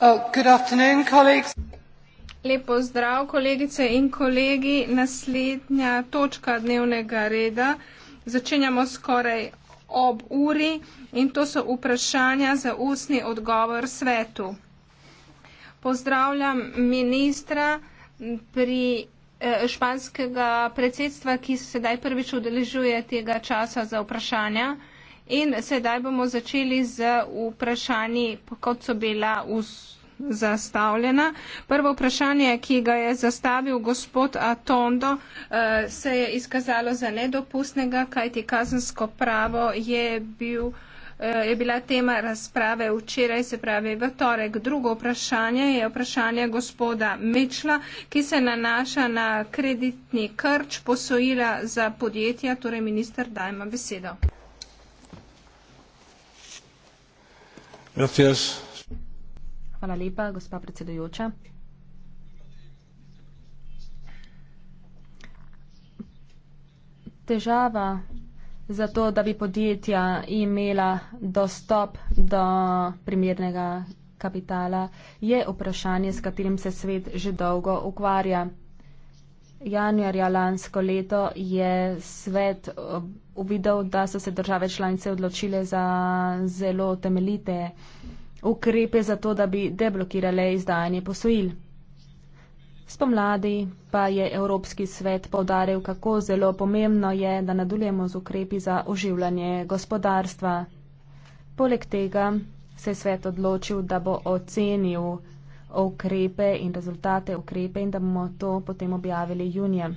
Oh, Lep pozdrav, kolegice in kolegi. Naslednja točka dnevnega reda. Začenjamo skoraj ob uri in to so vprašanja za ustni odgovor svetu. Pozdravljam ministra pri eh, španskega predsedstva, ki se sedaj prvič udeležuje tega časa za vprašanja. In sedaj bomo začeli z vprašanji, kot so bila us. Zastavljena. Prvo vprašanje, ki ga je zastavil gospod Atondo, eh, se je izkazalo za nedopustnega, kajti kazensko pravo je, bil, eh, je bila tema razprave včeraj, se pravi v torek. Drugo vprašanje je vprašanje gospoda Mečla, ki se nanaša na kreditni krč posojila za podjetja, torej minister, dajmo besedo. Hvala lepa, gospa predsedujoča. Težava za to, da bi podjetja imela dostop do primernega kapitala, je vprašanje, s katerim se svet že dolgo ukvarja. Januarja lansko leto je svet. Ob, uvidel, da so se države članice odločile za zelo temeljite ukrepe za to, da bi deblokirale izdajanje posojil. Spomladi pa je Evropski svet povdaril, kako zelo pomembno je, da nadaljujemo z ukrepi za oživljanje gospodarstva. Poleg tega se je svet odločil, da bo ocenil ukrepe in rezultate ukrepe in da bomo to potem objavili junija.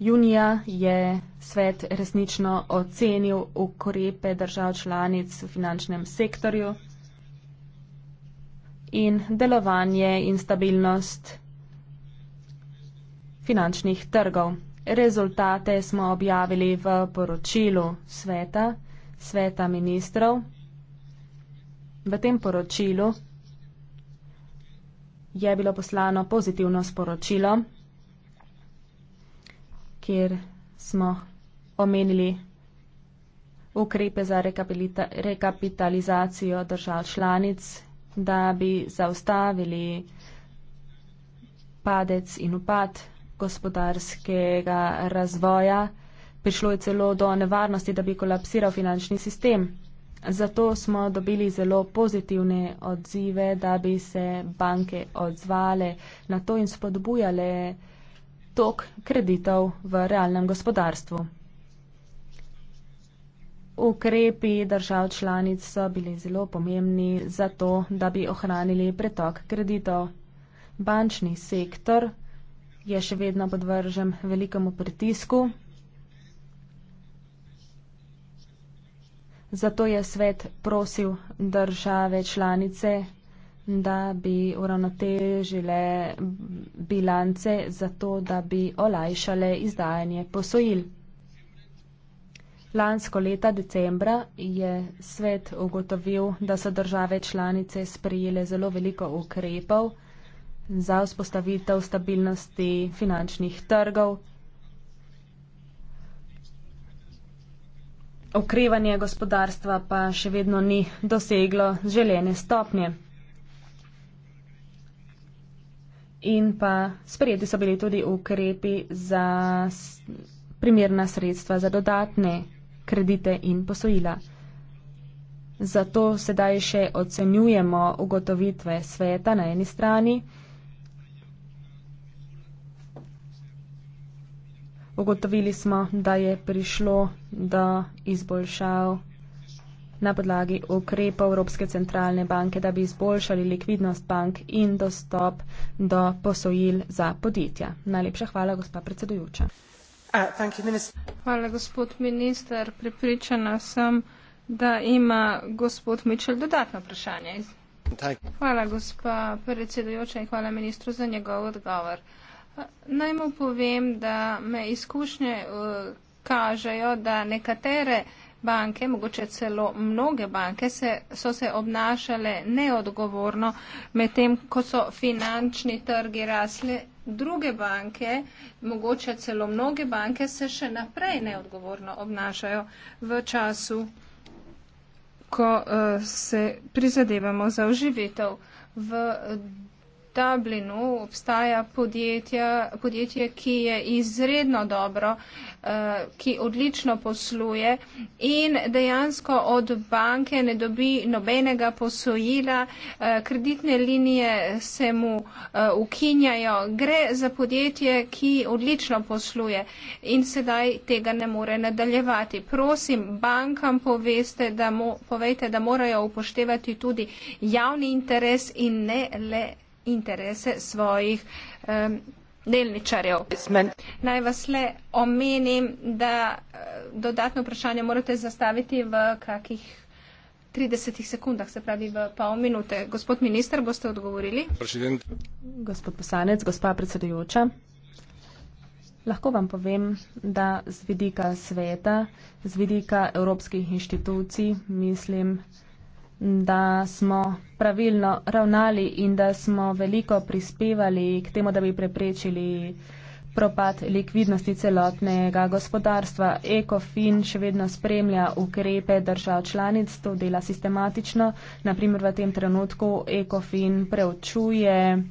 Junija je svet resnično ocenil ukrepe držav članic v finančnem sektorju in delovanje in stabilnost finančnih trgov. Rezultate smo objavili v poročilu sveta, sveta ministrov. V tem poročilu je bilo poslano pozitivno sporočilo, kjer smo omenili ukrepe za rekapitalizacijo držav članic, da bi zaustavili padec in upad gospodarskega razvoja. Prišlo je celo do nevarnosti, da bi kolapsiral finančni sistem. Zato smo dobili zelo pozitivne odzive, da bi se banke odzvale na to in spodbujale tok kreditov v realnem gospodarstvu. Ukrepi držav članic so bili zelo pomembni za to, da bi ohranili pretok kreditov. Bančni sektor je še vedno podvržen velikemu pritisku. Zato je svet prosil države članice, da bi uravnotežile bilance zato, da bi olajšale izdajanje posojil. Lansko leta decembra je svet ugotovil, da so države članice sprejele zelo veliko ukrepov za vzpostavitev stabilnosti finančnih trgov. Okrevanje gospodarstva pa še vedno ni doseglo želene stopnje. in pa sprejeti so bili tudi ukrepi za primerna sredstva za dodatne kredite in posojila. Zato sedaj še ocenjujemo ugotovitve sveta na eni strani. Ugotovili smo, da je prišlo do izboljšav na podlagi ukrepov Evropske centralne banke, da bi izboljšali likvidnost bank in dostop do posojil za podjetja. Najlepša hvala, gospa predsedujoča. Uh, hvala, gospod minister. Pripričana sem, da ima gospod Mičel dodatno vprašanje. Hvala, gospa predsedujoča in hvala ministru za njegov odgovor. Uh, naj mu povem, da me izkušnje uh, kažejo, da nekatere uh, banke, mogoče celo mnoge banke, se, so se obnašale neodgovorno, medtem ko so finančni trgi rasle. Druge banke, mogoče celo mnoge banke, se še naprej neodgovorno obnašajo v času, ko uh, se prizadevamo za oživitev. V Dublinu obstaja podjetje, ki je izredno dobro uh, Eh, ki odlično posluje in dejansko od banke ne dobi nobenega posojila, eh, kreditne linije se mu eh, ukinjajo, gre za podjetje, ki odlično posluje in sedaj tega ne more nadaljevati. Prosim, bankam poveste, da mo, povejte, da morajo upoštevati tudi javni interes in ne le interese svojih um, delničarjev. Naj vas le omenim, da eh, dodatno vprašanje morate zastaviti v kakih 30 sekundah, se pravi v pol minute. Gospod minister, boste odgovorili? Prezident. Gospod poslanec, gospa predsedujoča. Lahko vam povem, da z vidika sveta, z vidika evropskih inštitucij, mislim, da smo pravilno ravnali in da smo veliko prispevali k temu, da bi preprečili propad likvidnosti celotnega gospodarstva. ECOFIN še vedno spremlja ukrepe držav članic, to dela sistematično. Naprimer, v tem trenutku ECOFIN preučuje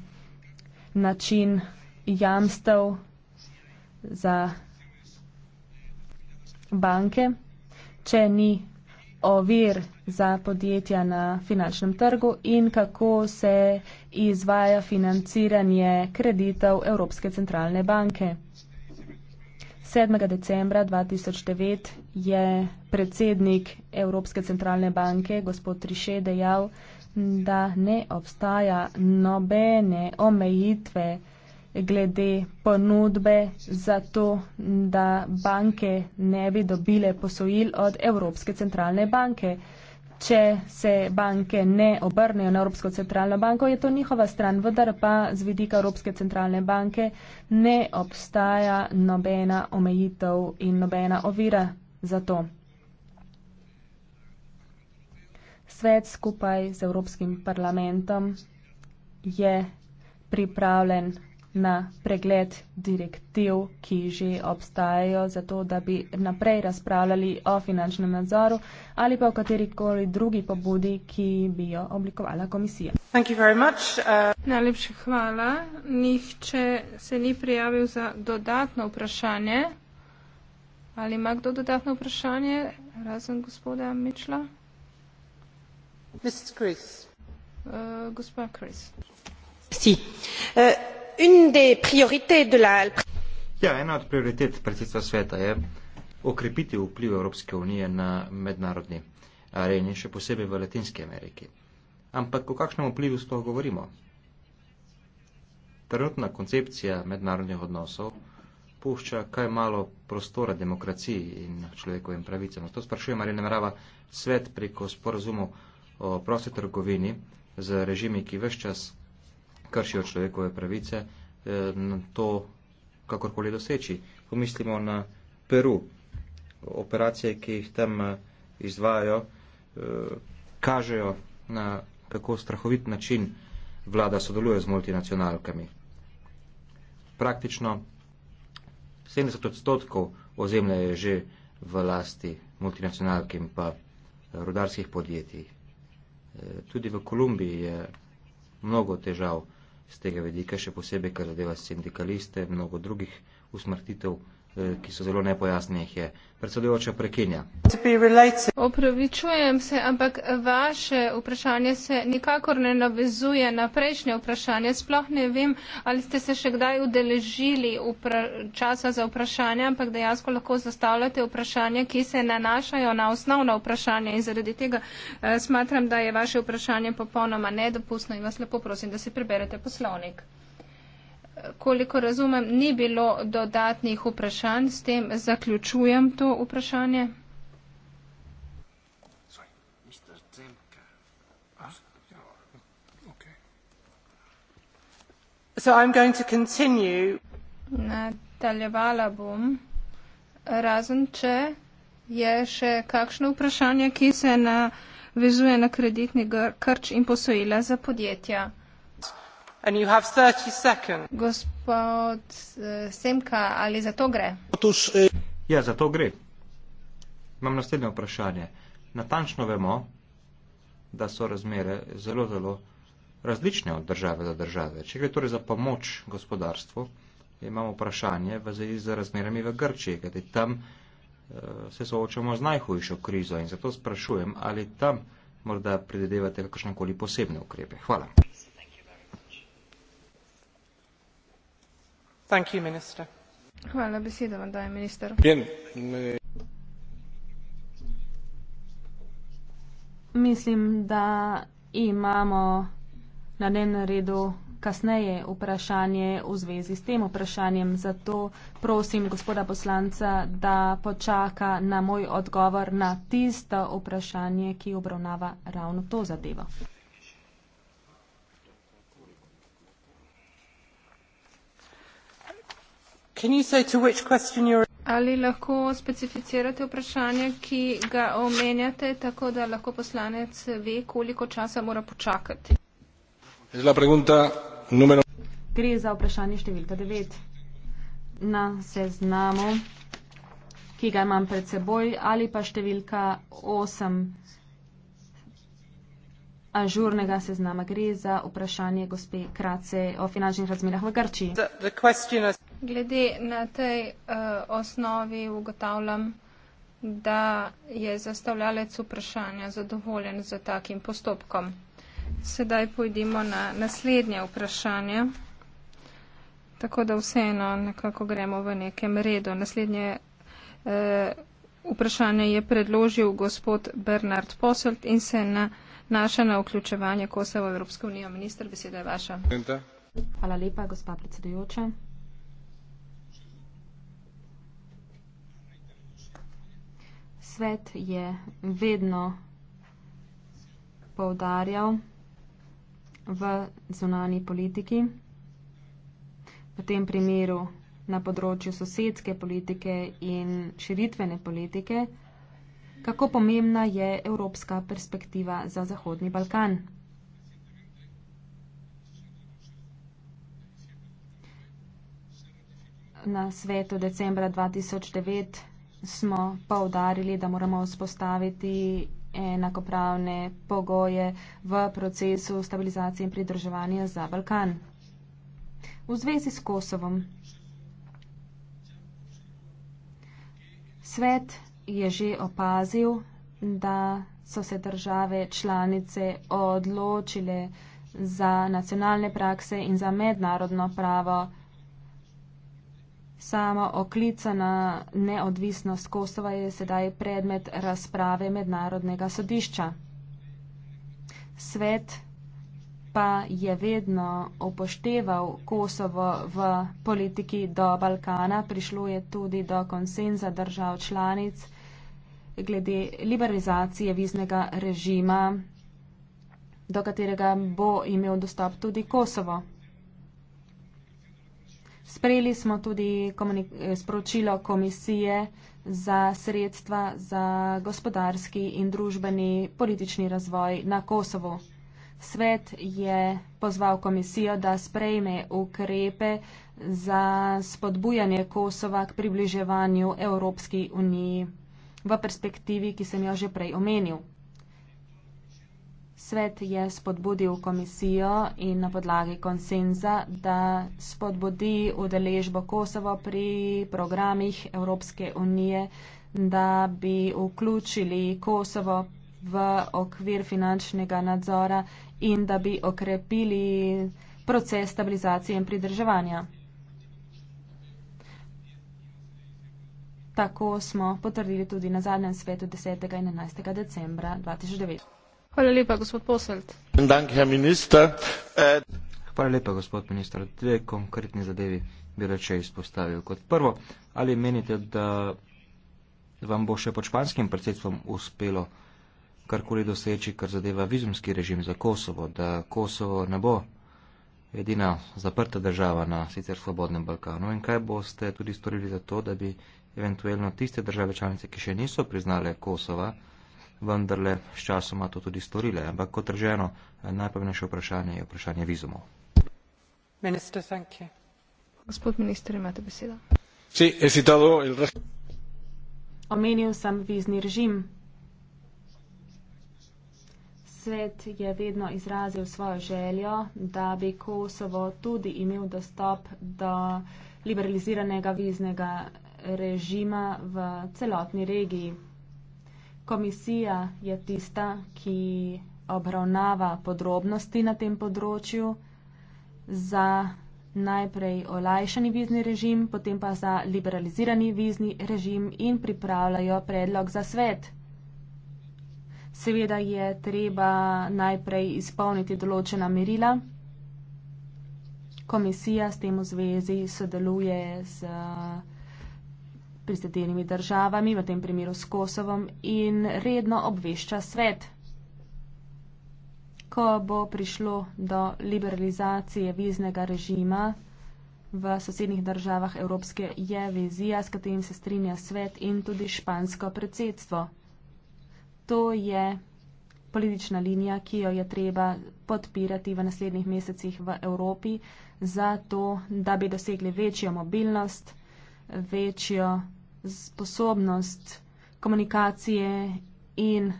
način jamstev za banke. Če ni ovir za podjetja na finančnem trgu in kako se izvaja financiranje kreditov Evropske centralne banke. 7. decembra 2009 je predsednik Evropske centralne banke, gospod Triše, dejal, da ne obstaja nobene omejitve glede ponudbe za to, da banke ne bi dobile posojil od Evropske centralne banke. Če se banke ne obrnejo na Evropsko centralno banko, je to njihova stran, vendar pa z vidika Evropske centralne banke ne obstaja nobena omejitev in nobena ovira za to. Svet skupaj z Evropskim parlamentom je pripravljen na pregled direktiv, ki že obstajajo, zato da bi naprej razpravljali o finančnem nadzoru ali pa o katerikoli drugi pobudi, ki bi jo oblikovala komisija. Uh... Najlepša hvala. Nihče se ni prijavil za dodatno vprašanje. Ali ima kdo dodatno vprašanje, razen gospoda Mičla? Uh, gospod Kris. Si. Uh... Ja, ena od prioritet predsedstva sveta je okrepiti vpliv Evropske unije na mednarodni areni, še posebej v Latinski Ameriki. Ampak o kakšnem vplivu s to govorimo? Trenutna koncepcija mednarodnih odnosov pušča kaj malo prostora demokraciji in človekovim pravicam. To sprašujem, ali namerava svet preko sporazumu o prosti trgovini z režimi, ki veščas kršijo človekove pravice, na eh, to kakorkoli doseči. Pomislimo na Peru. Operacije, ki jih tam eh, izvajajo, eh, kažejo na kako strahovit način vlada sodeluje z multinacionalkami. Praktično 70 odstotkov ozemlja je že v lasti multinacionalk in pa rudarskih podjetij. Tudi v Kolumbiji je mnogo težav z tega vidika še posebej, kar zadeva sindikaliste, mnogo drugih usmrtitev, Eh, ki so zelo nepojasne, jih je predsedujoča prekinja. Opravičujem se, ampak vaše vprašanje se nikakor ne navezuje na prejšnje vprašanje. Sploh ne vem, ali ste se še kdaj udeležili časa za vprašanje, ampak dejansko lahko zastavljate vprašanje, ki se nanašajo na osnovno vprašanje in zaradi tega eh, smatram, da je vaše vprašanje popolnoma nedopustno in vas lepo prosim, da si preberete poslovnik koliko razumem, ni bilo dodatnih vprašanj, s tem zaključujem to vprašanje. Ah, so I'm going to continue. Nadaljevala bom, razen če je še kakšno vprašanje, ki se navezuje na kreditni krč in posojila za podjetja. Eh, eh. Ja, za to gre. Imam naslednje vprašanje. Natančno vemo, da so razmere zelo, zelo različne od države do države. Če gre torej za pomoč gospodarstvu, imamo vprašanje v zvezi z razmerami v Grčiji, kajti tam uh, se soočamo z najhujšo krizo in zato sprašujem, ali tam morda predvidevate kakršnekoli posebne ukrepe. Hvala. Mislim, da imamo na dnevnem redu kasneje vprašanje v zvezi s tem vprašanjem, zato prosim gospoda poslanca, da počaka na moj odgovor na tisto vprašanje, ki obravnava ravno to zadevo. Ali lahko specificirate vprašanje, ki ga omenjate, tako da lahko poslanec ve, koliko časa mora počakati? Numero... Gre za vprašanje številka 9 na seznamu, ki ga imam pred seboj, ali pa številka 8 ažurnega seznama. Gre za vprašanje gospe Krace o finančnih razmerah v Grčiji. Glede na tej uh, osnovi ugotavljam, da je zastavljalec vprašanja zadovoljen z takim postopkom. Sedaj pojdimo na naslednje vprašanje, tako da vseeno nekako gremo v nekem redu. Naslednje e, vprašanje je predložil gospod Bernard Poselt in se nanaša na vključevanje Kosova v Evropsko unijo. Minister, beseda je vaša. Hvala lepa, gospa predsedujoča. svet je vedno poudarjal v zunani politiki, v tem primeru na področju sosedske politike in širitvene politike, kako pomembna je evropska perspektiva za Zahodni Balkan. Na svetu decembra 2009 smo pa udarili, da moramo vzpostaviti enakopravne pogoje v procesu stabilizacije in pridrževanja za Balkan. V zvezi s Kosovom. Svet je že opazil, da so se države članice odločile za nacionalne prakse in za mednarodno pravo. Sama oklicana neodvisnost Kosova je sedaj predmet razprave mednarodnega sodišča. Svet pa je vedno upošteval Kosovo v politiki do Balkana. Prišlo je tudi do konsenza držav članic glede liberalizacije viznega režima, do katerega bo imel dostop tudi Kosovo. Sprejeli smo tudi eh, sporočilo komisije za sredstva za gospodarski in družbeni politični razvoj na Kosovo. Svet je pozval komisijo, da sprejme ukrepe za spodbujanje Kosova k približevanju Evropski uniji v perspektivi, ki sem jo že prej omenil. Svet je spodbudil komisijo in na podlagi konsenza, da spodbudi udeležbo Kosovo pri programih Evropske unije, da bi vključili Kosovo v okvir finančnega nadzora in da bi okrepili proces stabilizacije in pridrževanja. Tako smo potrdili tudi na zadnjem svetu 10. in 11. decembra 2009. Eh, Hvala lepa, gospod minister. Dve konkretni zadevi bi reče izpostavil. Kot prvo, ali menite, da vam bo še pod španskim predsedstvom uspelo karkoli doseči, kar zadeva vizumski režim za Kosovo, da Kosovo ne bo edina zaprta država na sicer svobodnem Balkanu in kaj boste tudi storili za to, da bi eventualno tiste države članice, ki še niso priznale Kosova, vendarle s časoma to tudi storile. Ampak kot rečeno, najpomembnejše vprašanje je vprašanje vizumov. Minister, Gospod minister, imate besedo. Si, si dalo, il... Omenil sem vizni režim. Svet je vedno izrazil svojo željo, da bi Kosovo tudi imel dostop do liberaliziranega viznega režima v celotni regiji komisija je tista, ki obravnava podrobnosti na tem področju za najprej olajšani vizni režim, potem pa za liberalizirani vizni režim in pripravljajo predlog za svet. Seveda je treba najprej izpolniti določena merila. Komisija s tem v zvezi sodeluje z prizadenimi državami, v tem primeru s Kosovom, in redno obvešča svet. Ko bo prišlo do liberalizacije viznega režima v sosednjih državah Evropske, je vizija, s katerim se strinja svet in tudi špansko predsedstvo. To je politična linija, ki jo je treba podpirati v naslednjih mesecih v Evropi, zato da bi dosegli večjo mobilnost, večjo sposobnost komunikacije in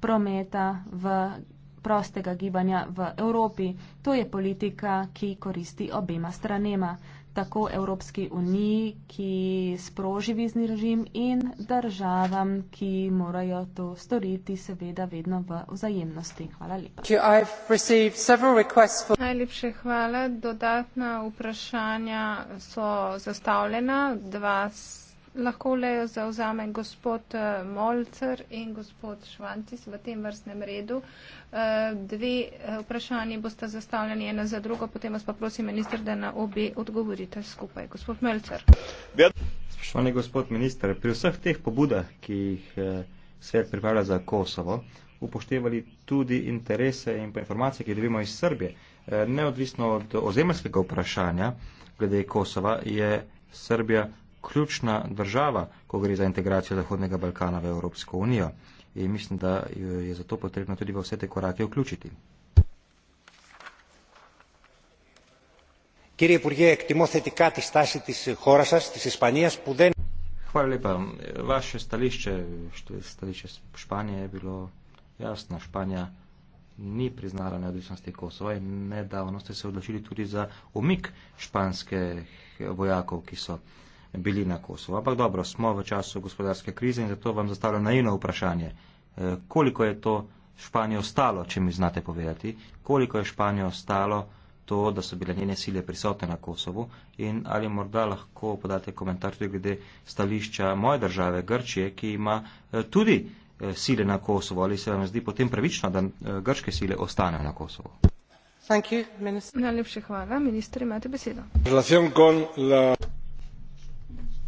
prometa v prostega gibanja v Evropi. To je politika, ki koristi obema stranema, tako Evropski uniji, ki sproži vizni režim in državam, ki morajo to storiti, seveda vedno v vzajemnosti. Hvala lepa. For... Najlepše hvala. Dodatna vprašanja so zastavljena. Dva lahko le zauzame gospod eh, Molcer in gospod Švantis v tem vrstnem redu. Eh, dve eh, vprašanji boste zastavljeni ena za drugo, potem vas pa prosim, minister, da na obe odgovorite skupaj. Gospod Molcer. Spoštovani gospod minister, pri vseh teh pobudah, ki jih svet pripravlja za Kosovo, upoštevali tudi interese in pa informacije, ki jih dobimo iz Srbije. Neodvisno od ozemljskega vprašanja glede Kosova je Srbija ključna država, ko gre za integracijo Zahodnega Balkana v Evropsko unijo. In mislim, da jo je zato potrebno tudi v vse te korake vključiti. Hvala lepa. Vaše stališče, stališče Španije je bilo jasno. Španija ni priznala neodvisnosti Kosova in nedavno ste se odločili tudi za umik španskih vojakov, ki so bili na Kosovo. Ampak dobro, smo v času gospodarske krize in zato vam zastavljam naivno vprašanje. Eh, koliko je to Španijo ostalo, če mi znate povedati, koliko je Španijo ostalo to, da so bile njene sile prisotne na Kosovu in ali morda lahko podate komentar tudi glede stališča moje države, Grčije, ki ima eh, tudi eh, sile na Kosovo, ali se vam zdi potem pravično, da grške sile ostanejo na Kosovo? Najlepša hvala. Ministr, imate besedo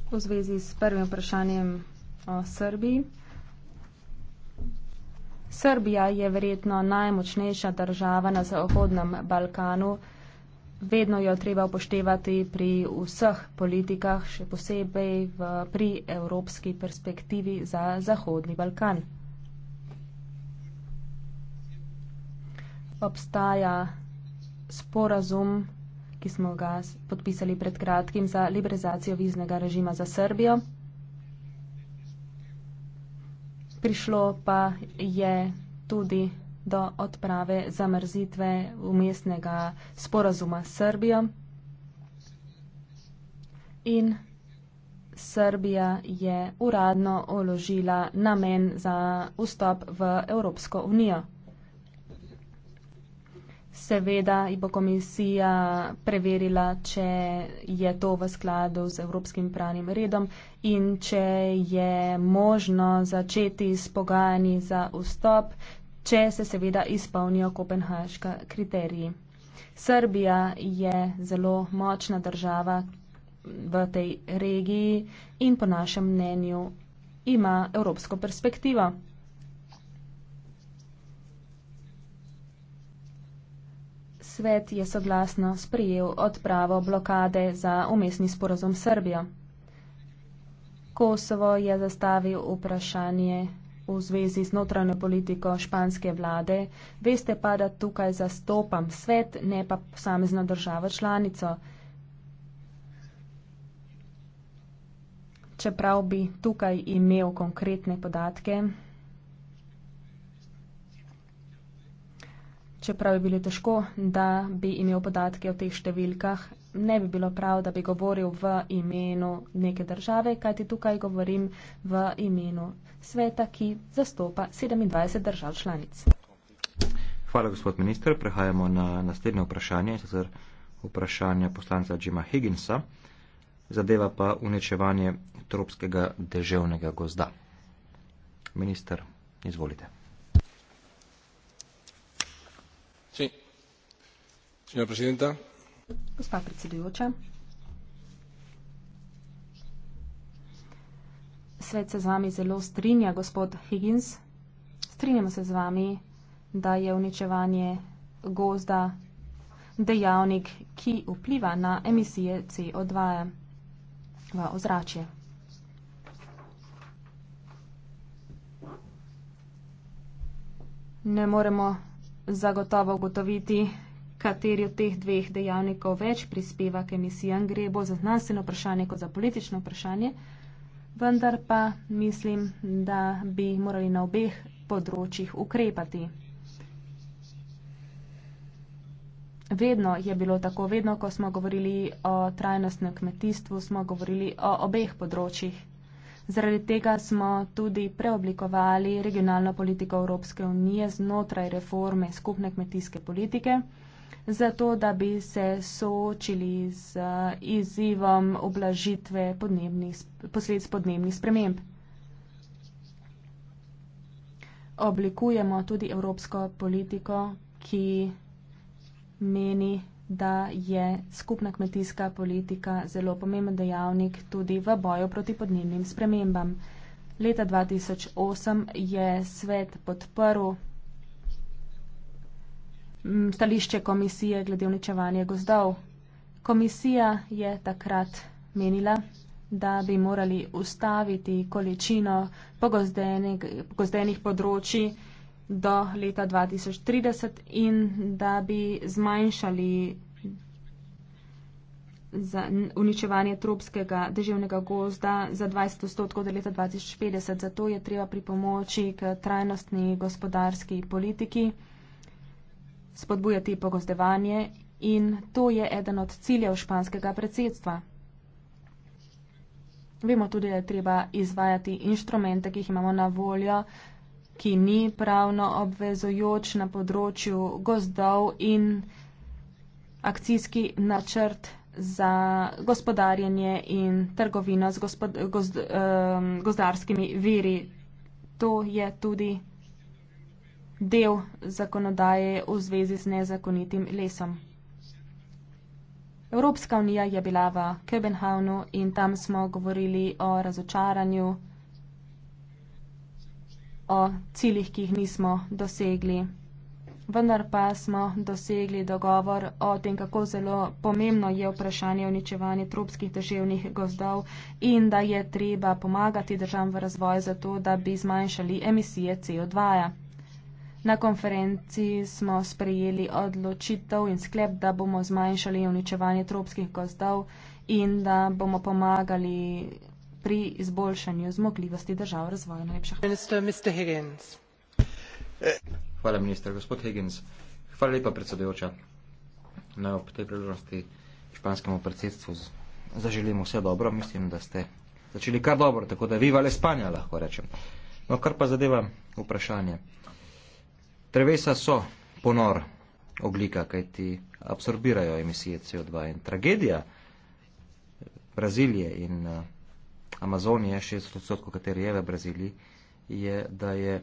v zvezi s prvim vprašanjem o Srbiji. Srbija je verjetno najmočnejša država na Zahodnem Balkanu. Vedno jo treba upoštevati pri vseh politikah, še posebej v, pri evropski perspektivi za Zahodni Balkan. Obstaja sporazum ki smo ga podpisali pred kratkim za liberalizacijo viznega režima za Srbijo. Prišlo pa je tudi do odprave zamrzitve umestnega sporazuma s Srbijo. In Srbija je uradno uložila namen za vstop v Evropsko unijo. Seveda bo komisija preverila, če je to v skladu z evropskim pravnim redom in če je možno začeti s pogajanji za vstop, če se seveda izpolnijo kopenhaška kriteriji. Srbija je zelo močna država v tej regiji in po našem mnenju ima evropsko perspektivo. svet je soglasno sprijel odpravo blokade za umestni sporozum Srbijo. Kosovo je zastavil vprašanje v zvezi z notranjo politiko španske vlade. Veste pa, da tukaj zastopam svet, ne pa posamezno državo članico. Čeprav bi tukaj imel konkretne podatke. čeprav je bilo težko, da bi imel podatke o teh številkah, ne bi bilo prav, da bi govoril v imenu neke države, kajti tukaj govorim v imenu sveta, ki zastopa 27 držav članic. Hvala, gospod minister. Prehajamo na naslednje vprašanje, sicer vprašanje poslanca Jima Higginsa. Zadeva pa unečevanje tropskega deževnega gozda. Minister, izvolite. Svet se z vami zelo strinja, gospod Higgins. Strinjamo se z vami, da je uničevanje gozda dejavnik, ki vpliva na emisije CO2 v ozračje. Ne moremo zagotovo ugotoviti, kateri od teh dveh dejavnikov več prispeva k emisijam, gre bo za znanstveno vprašanje kot za politično vprašanje, vendar pa mislim, da bi morali na obeh področjih ukrepati. Vedno je bilo tako, vedno, ko smo govorili o trajnostnem kmetijstvu, smo govorili o obeh področjih. Zaradi tega smo tudi preoblikovali regionalno politiko Evropske unije znotraj reforme skupne kmetijske politike zato da bi se soočili z eh, izzivom oblažitve podnebnih, posledic podnebnih sprememb. Oblikujemo tudi evropsko politiko, ki meni, da je skupna kmetijska politika zelo pomemben dejavnik tudi v boju proti podnebnim spremembam. Leta 2008 je svet podprl stališče komisije glede uničevanja gozdov. Komisija je takrat menila, da bi morali ustaviti količino pogozdenih področji do leta 2030 in da bi zmanjšali za uničevanje tropskega deževnega gozda za 20 odstotkov do leta 2050. Zato je treba pri pomoči k trajnostni gospodarski politiki spodbujati pogozdevanje in to je eden od ciljev španskega predsedstva. Vemo tudi, da je treba izvajati inštrumente, ki jih imamo na voljo, ki ni pravno obvezojoč na področju gozdov in akcijski načrt za gospodarjenje in trgovino z gozd, ehm, gozdarskimi viri. To je tudi del zakonodaje v zvezi z nezakonitim lesom. Evropska unija je bila v Kebenhavnu in tam smo govorili o razočaranju, o ciljih, ki jih nismo dosegli. Vendar pa smo dosegli dogovor o tem, kako zelo pomembno je vprašanje uničevanja tropskih državnih gozdov in da je treba pomagati državam v razvoju zato, da bi zmanjšali emisije CO2. -ja. Na konferenci smo sprejeli odločitev in sklep, da bomo zmanjšali uničevanje tropskih gozdov in da bomo pomagali pri izboljšanju zmogljivosti držav razvoja. Najlepša hvala. Minister, Mr. Higgins. Hvala, minister. Gospod Higgins, hvala lepa predsedujoča. Naj no, ob tej priložnosti španskemu predsedstvu zaželim vse dobro. Mislim, da ste začeli kar dobro, tako da viva le Spanja, lahko rečem. No, kar pa zadeva vprašanje. Drevesa so ponor oglika, kaj ti absorbirajo emisije CO2 in tragedija Brazilije in eh, Amazonije, 60% kateri je v Braziliji, je, da je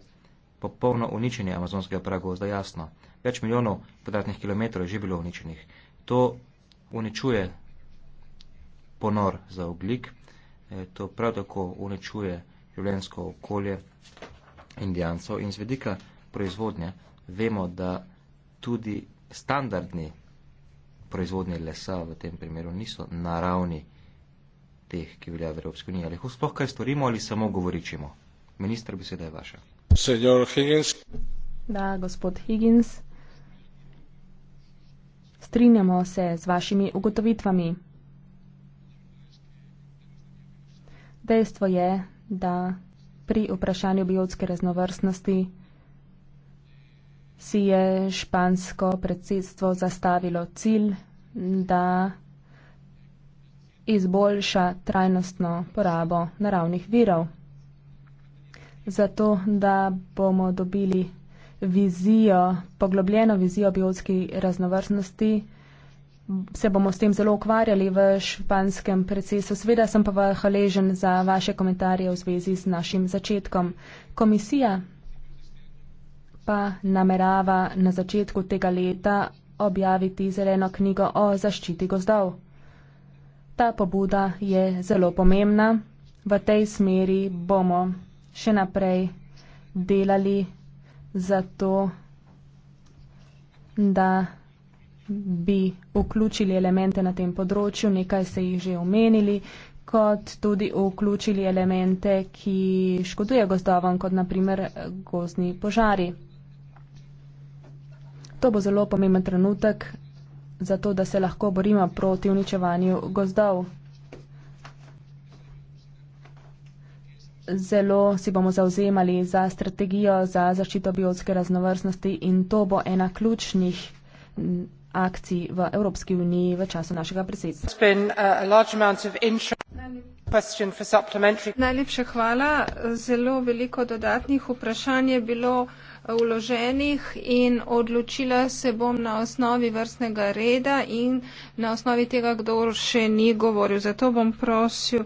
popolno uničenje amazonskega pragu, zdaj jasno. Več milijonov kvadratnih kilometrov je že bilo uničenih. To uničuje ponor za oglik, eh, to prav tako uničuje življensko okolje indijancov in z vedika proizvodnje, vemo, da tudi standardni proizvodnje lesa v tem primeru niso na ravni teh, ki velja v Evropski uniji. Ali lahko sploh kaj storimo ali samo govoričimo? Ministr, beseda je vaša. Senor Higgins. Da, gospod Higgins. Strinjamo se z vašimi ugotovitvami. Dejstvo je, da pri vprašanju biotske raznovrstnosti si je špansko predsedstvo zastavilo cilj, da izboljša trajnostno porabo naravnih virov. Zato, da bomo dobili vizijo, poglobljeno vizijo biotski raznovrstnosti, se bomo s tem zelo ukvarjali v španskem predsedstvu. Sveda sem pa hvaležen za vaše komentarje v zvezi z našim začetkom. Komisija pa namerava na začetku tega leta objaviti zeleno knjigo o zaščiti gozdov. Ta pobuda je zelo pomembna. V tej smeri bomo še naprej delali za to, da bi vključili elemente na tem področju, nekaj se jih že omenili, kot tudi vključili elemente, ki škodujejo gozdovom, kot naprimer gozni požari. To bo zelo pomemben trenutek, zato da se lahko borimo proti uničevanju gozdov. Zelo si bomo zauzemali za strategijo za zaščito biotske raznovrstnosti in to bo ena ključnih akcij v Evropski uniji v času našega predsedstva. Najlepša hvala. Zelo veliko dodatnih vprašanj je bilo vloženih in odločila se bom na osnovi vrstnega reda in na osnovi tega, kdo še ni govoril. Zato bom prosil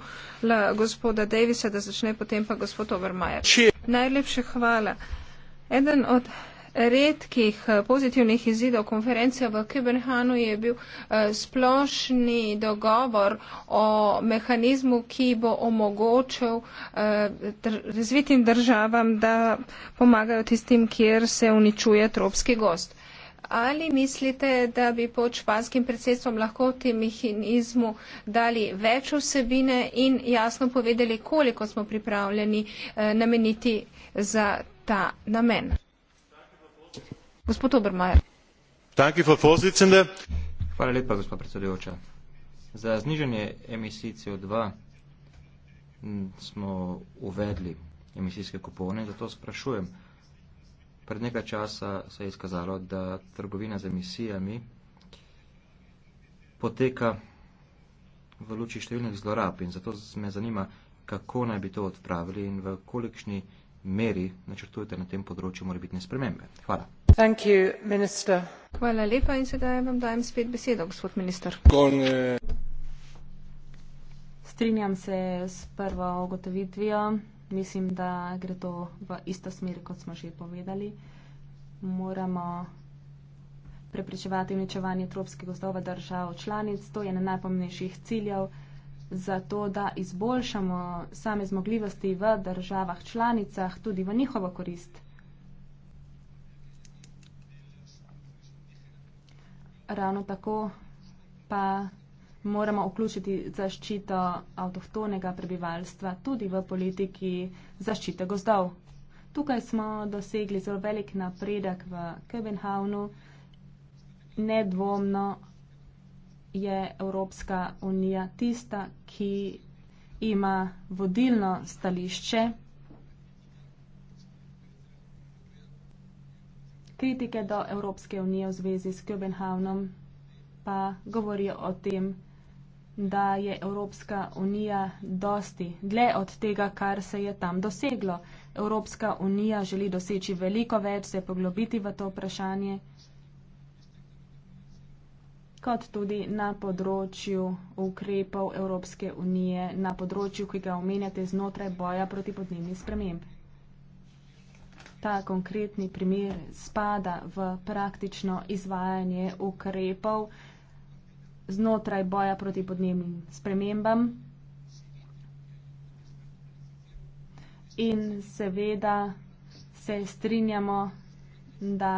gospoda Davisa, da začne potem pa gospod Obermajer. Najlepše hvala. Eden od redkih eh, pozitivnih izidov konference v Kibrhanu je bil eh, splošni dogovor o mehanizmu, ki bo omogočil eh, razvitim državam, da pomagajo tistim, kjer se uničuje tropski gost. Ali mislite, da bi pod španskim predsedstvom lahko tem mehanizmu dali več vsebine in jasno povedali, koliko smo pripravljeni nameniti za ta namen? za znižanje emisij co smo uvedli emisijske kupone, zato sprašujem. Pred nekaj časa se je izkazalo, da trgovina z emisijami poteka v luči številnih zlorab in zato me zanima, kako naj bi to odpravili in v kolikšni meri načrtujete na tem področju morebitne spremembe. Hvala. Thank you, minister. Hvala lepa in sedaj vam dajem spet besedo, gospod minister. Kone. Eh, Strinjam se s prvo ugotovitvijo. Mislim, da gre to v isto smer, kot smo že povedali. Moramo preprečevati uničevanje tropskih gozdov držav članic. To je na najpomembnejših ciljev za to, da izboljšamo same zmogljivosti v državah članicah tudi v njihovo korist. Ravno tako pa moramo vključiti zaščito avtohtonega prebivalstva tudi v politiki zaščite gozdov. Tukaj smo dosegli zelo velik napredek v Kebenhavnu. Nedvomno je Evropska unija tista, ki ima vodilno stališče. Kritike do Evropske unije v zvezi s Köbenhavnom pa govorijo o tem, da je Evropska unija dosti dle od tega, kar se je tam doseglo. Evropska unija želi doseči veliko več, se poglobiti v to vprašanje kot tudi na področju ukrepov Evropske unije, na področju, ki ga omenjate znotraj boja proti podnebnim sprememb. Ta konkretni primer spada v praktično izvajanje ukrepov znotraj boja proti podnebnim spremembam. In seveda se strinjamo, da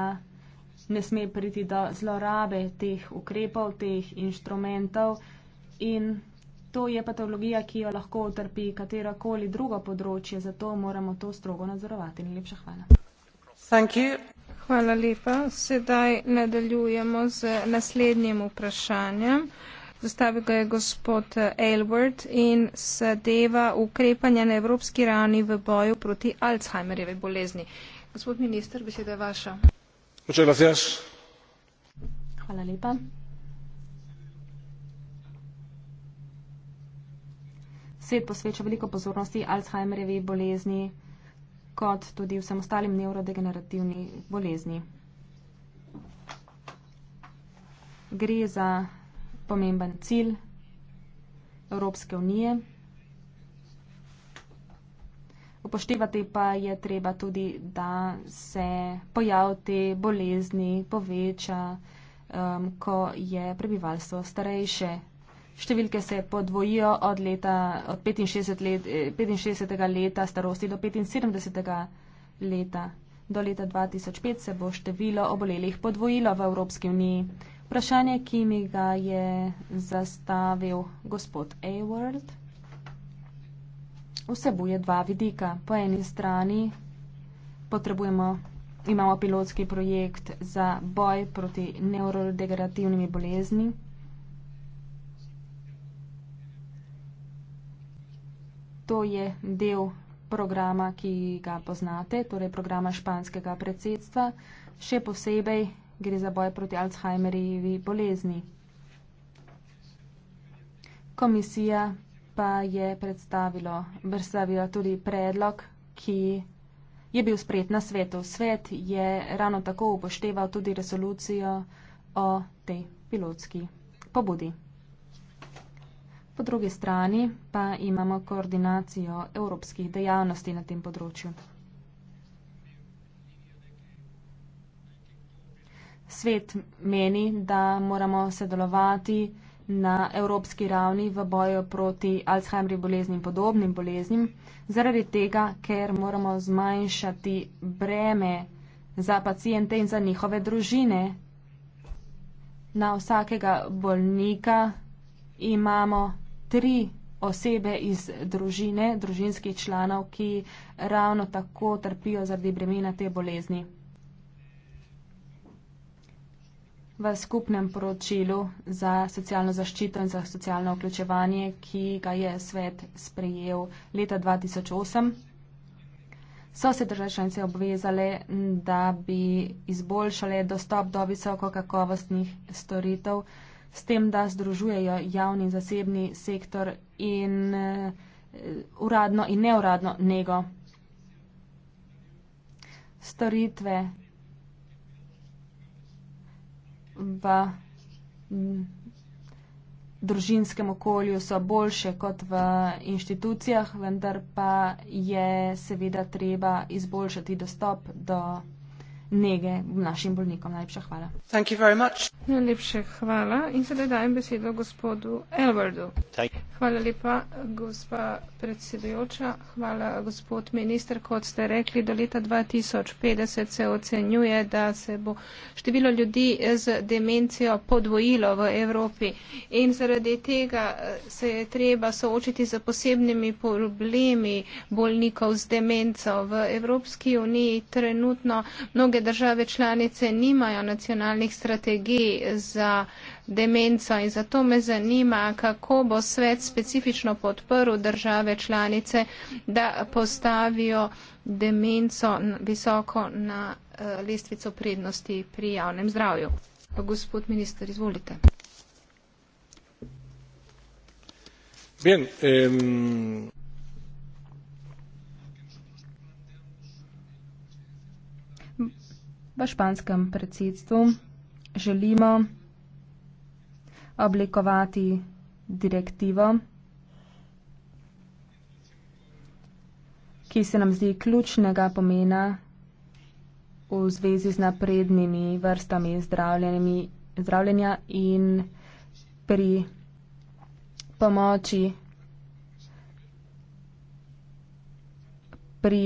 ne sme priti do zlorabe teh ukrepov, teh inštrumentov. In to je patologija, ki jo lahko utrpi katerokoli drugo področje, zato moramo to strogo nadzorovati. Najlepša hvala. Hvala lepa. Sedaj nadaljujemo z naslednjim vprašanjem. Zastavil ga je gospod Elward in sedeva ukrepanja na evropski ravni v boju proti Alzheimerjevi bolezni. Gospod minister, beseda je vaša. Muchas gracias. Hvala lepa. Svet posveča veliko pozornosti Alzheimerjevi bolezni, kot tudi vsem ostalim nevrodegenerativni bolezni. Gre za pomemben cilj Evropske unije. Upoštevati pa je treba tudi, da se pojav te bolezni poveča, um, ko je prebivalstvo starejše. Številke se podvojijo od leta od 65, let, 65. Eh, leta starosti do 75. leta. Do leta 2005 se bo število obolelih podvojilo v Evropski uniji. Vprašanje, ki mi ga je zastavil gospod Eworth vsebuje dva vidika. Po eni strani potrebujemo, imamo pilotski projekt za boj proti neurodegerativnimi bolezni. To je del programa, ki ga poznate, torej programa španskega predsedstva. Še posebej gre za boj proti Alzheimerjevi bolezni. Komisija pa je predstavilo Brsavijo tudi predlog, ki je bil sprejet na svetu. Svet je ravno tako upošteval tudi resolucijo o tej pilotski pobudi. Po drugi strani pa imamo koordinacijo evropskih dejavnosti na tem področju. Svet meni, da moramo sodelovati na evropski ravni v boju proti Alzheimerjev bolezni in podobnim boleznim, zaradi tega, ker moramo zmanjšati breme za pacijente in za njihove družine. Na vsakega bolnika imamo tri osebe iz družine, družinskih članov, ki ravno tako trpijo zaradi bremena te bolezni. v skupnem poročilu za socialno zaščito in za socialno vključevanje, ki ga je svet sprejel leta 2008. So se države članice obvezale, da bi izboljšale dostop do visoko kakovostnih storitev, s tem, da združujejo javni in zasebni sektor in uh, uradno in neuradno nego. Storitve v mm, družinskem okolju so boljše kot v inštitucijah, vendar pa je seveda treba izboljšati dostop do nege našim bolnikom. Najlepša hvala. Najlepša hvala in sedaj dajem besedo gospodu Elvardu. Hvala lepa, gospa predsedujoča. Hvala, gospod minister. Kot ste rekli, do leta 2050 se ocenjuje, da se bo število ljudi z demencijo podvojilo v Evropi. In zaradi tega eh, se je treba soočiti z posebnimi problemi bolnikov z demenco. V Evropski uniji trenutno mnoge države članice nimajo nacionalnih strategij za demenco in zato me zanima, kako bo svet specifično podprl države članice, da postavijo demenco visoko na eh, lestvico prednosti pri javnem zdravju. Gospod minister, izvolite. Bien, ehm... V španskem predsedstvu želimo oblikovati direktivo, ki se nam zdi ključnega pomena v zvezi z naprednimi vrstami zdravljenja in pri pomoči pri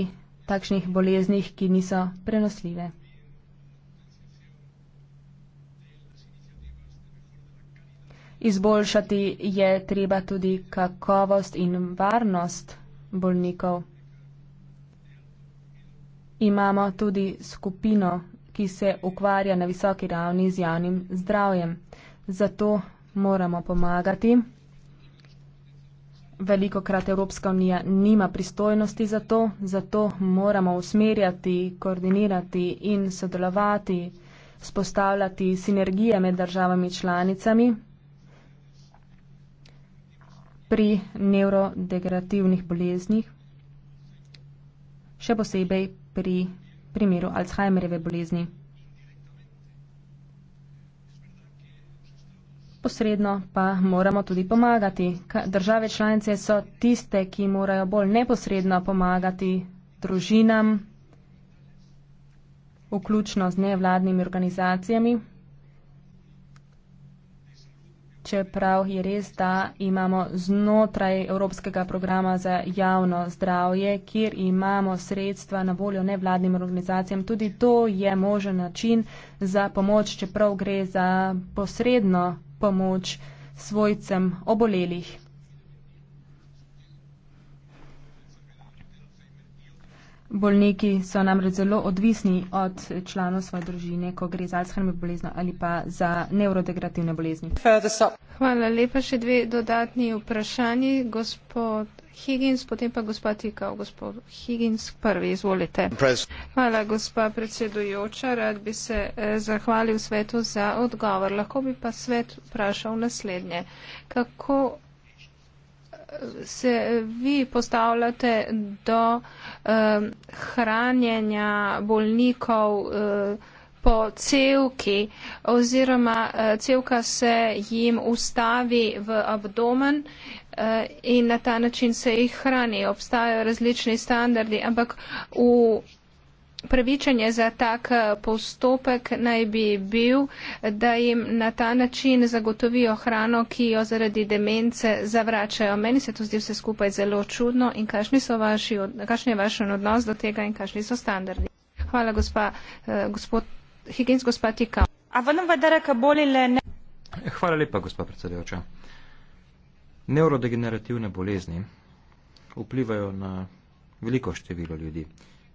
takšnih boleznih, ki niso prenosljive. Izboljšati je treba tudi kakovost in varnost bolnikov. Imamo tudi skupino, ki se ukvarja na visoki ravni z javnim zdravjem. Zato moramo pomagati. Veliko krat Evropska unija nima pristojnosti za to, zato moramo usmerjati, koordinirati in sodelovati, spostavljati sinergije med državami članicami pri nevrodegrativnih boleznih, še posebej pri primeru Alzheimerjeve bolezni. Posredno pa moramo tudi pomagati. Države članice so tiste, ki morajo bolj neposredno pomagati družinam, vključno z nevladnimi organizacijami čeprav je res, da imamo znotraj Evropskega programa za javno zdravje, kjer imamo sredstva na voljo nevladnim organizacijam. Tudi to je možen način za pomoč, čeprav gre za posredno pomoč svojcem obolelih. Bolniki so namreč zelo odvisni od članov svoje družine, ko gre za Alzheimerjevo bolezen ali pa za neurodegrativne bolezni. Hvala lepa. Še dve dodatni vprašanji. Gospod Higgins, potem pa gospa Tikal. Gospod Higgins, prvi, izvolite. Hvala, gospa predsedujoča. Rad bi se eh, zahvalil svetu za odgovor. Lahko bi pa svet vprašal naslednje. Kako se vi postavljate do eh, hranjenja bolnikov eh, po celki oziroma eh, celka se jim ustavi v abdomen eh, in na ta način se jih hrani. Obstajajo različni standardi, ampak v Upravičenje za tak eh, postopek naj bi bil, da jim na ta način zagotovijo hrano, ki jo zaradi demence zavračajo. Meni se to zdi vse skupaj zelo čudno in kakšni so vaši, kakšen je vaš odnos do tega in kakšni so standardi. Hvala, gospa, eh, gospod Higgins, gospa Tika. A vam vedar, kaj boli le ne? Hvala lepa, gospa predsedujoča. Neurodegenerativne bolezni vplivajo na veliko število ljudi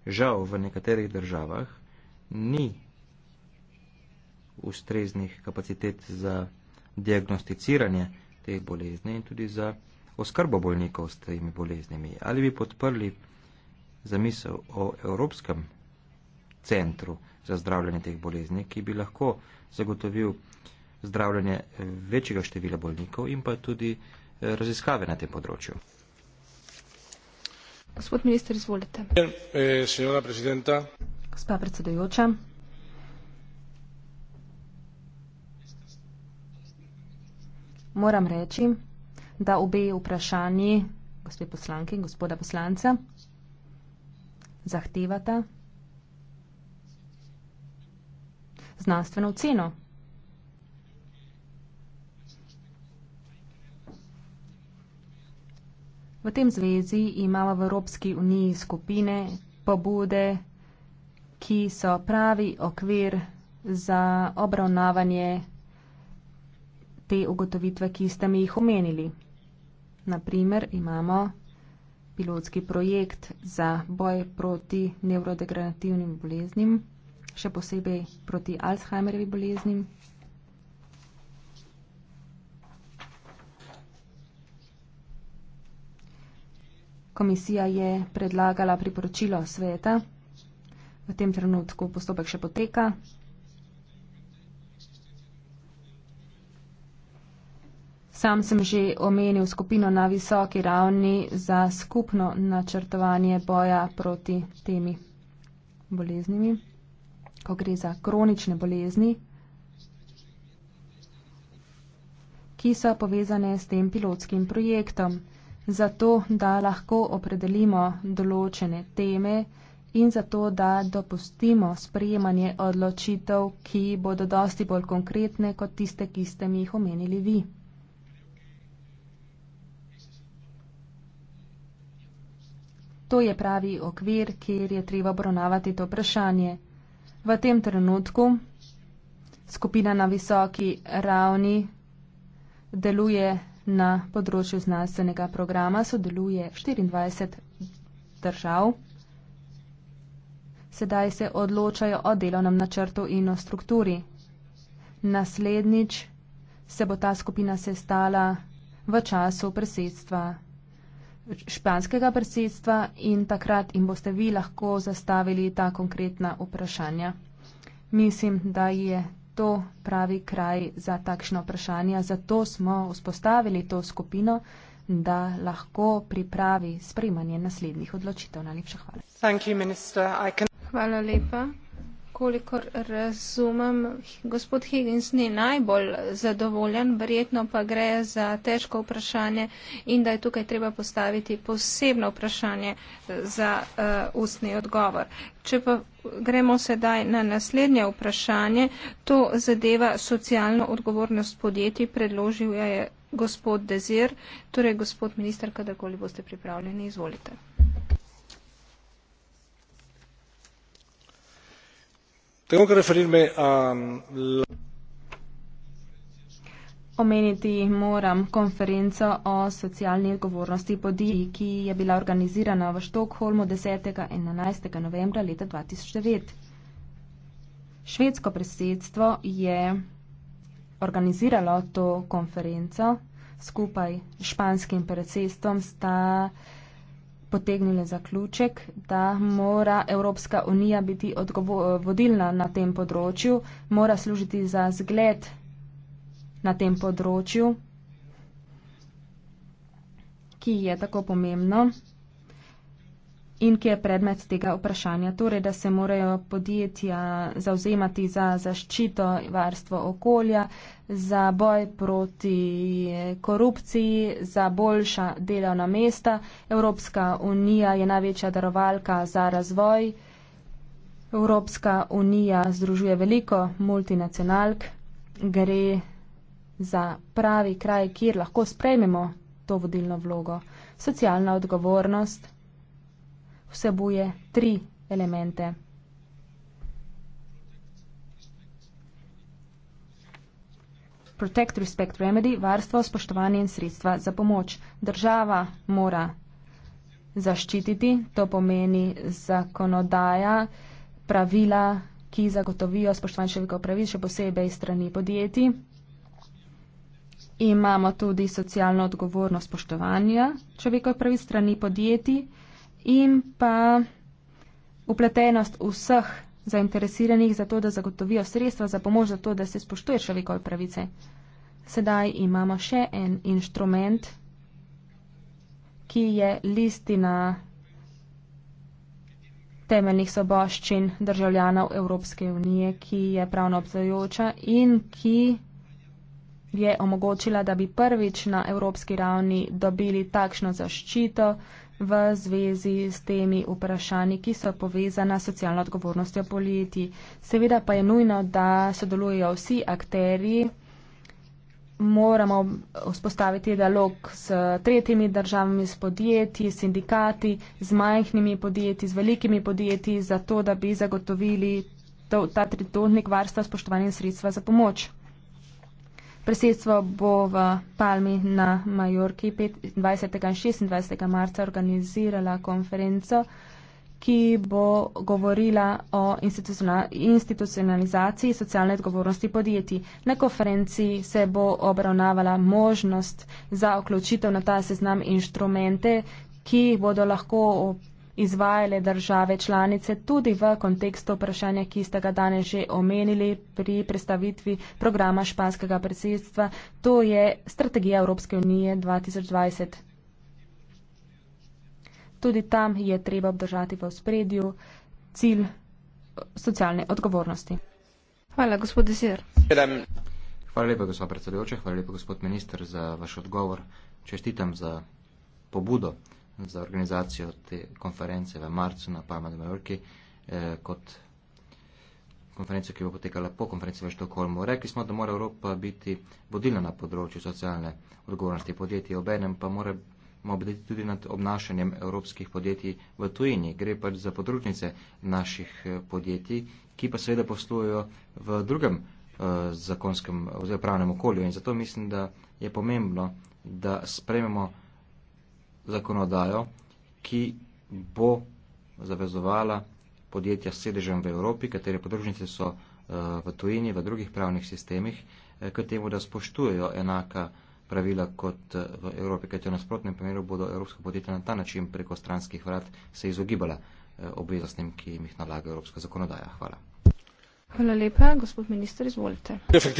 žal v nekaterih državah ni ustreznih kapacitet za diagnosticiranje teh bolezni in tudi za oskrbo bolnikov s temi boleznimi. Ali bi podprli zamisel o Evropskem centru za zdravljanje teh bolezni, ki bi lahko zagotovil zdravljanje večjega števila bolnikov in pa tudi eh, raziskave na tem področju? gospa eh, predsednica gospa predsedujoča moram reči da obe vprašanji gospe poslanke in gospoda poslanca zahtevata znanstveno oceno V tem zvezi imamo v Evropski uniji skupine pobude, ki so pravi okvir za obravnavanje te ugotovitve, ki ste mi jih omenili. Naprimer imamo pilotski projekt za boj proti nevrodegrativnim boleznim, še posebej proti Alzheimerjevi boleznim Komisija je predlagala priporočilo sveta. V tem trenutku postopek še poteka. Sam sem že omenil skupino na visoki ravni za skupno načrtovanje boja proti temi boleznimi, ko gre za kronične bolezni, ki so povezane s tem pilotskim projektom zato da lahko opredelimo določene teme in zato da dopustimo sprejemanje odločitev, ki bodo dosti bolj konkretne kot tiste, ki ste mi jih omenili vi. To je pravi okvir, kjer je treba obravnavati to vprašanje. V tem trenutku skupina na visoki ravni deluje Na področju znanstvenega programa sodeluje 24 držav. Sedaj se odločajo o delovnem načrtu in o strukturi. Naslednjič se bo ta skupina sestala v času predsedstva, španskega predsedstva in takrat jim boste vi lahko zastavili ta konkretna vprašanja. Mislim, da je to pravi kraj za takšno vprašanje. Zato smo vzpostavili to skupino, da lahko pripravi sprejmanje naslednjih odločitev. Najlepša hvala. Hvala lepa kolikor razumem, gospod Higgins ni najbolj zadovoljen, verjetno pa gre za težko vprašanje in da je tukaj treba postaviti posebno vprašanje za uh, ustni odgovor. Če pa gremo sedaj na naslednje vprašanje, to zadeva socialno odgovornost podjetij, predložil je gospod Dezir, torej gospod minister, kadarkoli boste pripravljeni, izvolite. tengo que referirme a um, la omeniti moram konferenco o socialni odgovornosti podjetij, ki je bila organizirana v Štokholmu 10. in 11. novembra leta 2009. Švedsko predsedstvo je organiziralo to konferenco skupaj s španskim predsedstvom sta potegnili zaključek, da mora Evropska unija biti vodilna na tem področju, mora služiti za zgled na tem področju, ki je tako pomembno in ki je predmet tega vprašanja. Torej, da se morajo podjetja zauzemati za zaščito in varstvo okolja, za boj proti korupciji, za boljša delovna mesta. Evropska unija je največja darovalka za razvoj. Evropska unija združuje veliko multinacionalk, gre za pravi kraj, kjer lahko sprejmemo to vodilno vlogo. Socialna odgovornost vsebuje tri elemente. Protect, Respect, Remedy, varstvo, spoštovanje in sredstva za pomoč. Država mora zaščititi, to pomeni zakonodaja, pravila, ki zagotovijo spoštovanje človekov pravil, še posebej strani podjetij. Imamo tudi socialno odgovornost spoštovanja človekov pravil strani podjetij in pa upletenost vseh zainteresiranih za to, da zagotovijo sredstva za pomoč za to, da se spoštuje človekove pravice. Sedaj imamo še en inštrument, ki je listina temeljnih soboščin državljanov Evropske unije, ki je pravno obzajoča in ki je omogočila, da bi prvič na evropski ravni dobili takšno zaščito, v zvezi s temi vprašanji, ki so povezana s socialno odgovornostjo politi. Seveda pa je nujno, da sodelujejo vsi akteri. Moramo vzpostaviti dialog s tretjimi državami, s podjetji, s sindikati, z majhnimi podjetji, z velikimi podjetji, zato da bi zagotovili to, ta tritotnik varstva spoštovanja in sredstva za pomoč. Presedstvo bo v Palmi na Majorki 25. in 26. marca organizirala konferenco, ki bo govorila o institucionalizaciji socialne odgovornosti podjetij. Na konferenci se bo obravnavala možnost za vključitev na ta seznam inštrumente, ki bodo lahko izvajale države članice tudi v kontekstu vprašanja, ki ste ga danes že omenili pri predstavitvi programa španskega predsedstva, to je strategija Evropske unije 2020. Tudi tam je treba obdržati v spredju cilj socialne odgovornosti. Hvala, gospod Desir. Hvala lepa, gospod predsedujoče, hvala lepa, gospod minister, za vaš odgovor. Čestitam za pobudo za organizacijo te konference v marcu na Palma de Mallorca eh, kot konferenco, ki bo potekala po konferenci v Štokholmu. Rekli smo, da mora Evropa biti vodilna na področju socialne odgovornosti podjetij, obenem pa mora obdeti tudi nad obnašanjem evropskih podjetij v tujini. Gre pač za področnice naših eh, podjetij, ki pa seveda poslujejo v drugem eh, zakonskem oziroma pravnem okolju. In zato mislim, da je pomembno, da sprememo zakonodajo, ki bo zavezovala podjetja s sedežem v Evropi, katere podružnice so eh, v tujini, v drugih pravnih sistemih, eh, k temu, da spoštujejo enaka pravila kot eh, v Evropi, kajti v nasprotnem primeru bodo evropska podjetja na ta način preko stranskih vrat se izogibala obveznostim, ki jim jih nalaga evropska zakonodaja. Hvala. Hvala lepa, gospod minister, izvolite. Res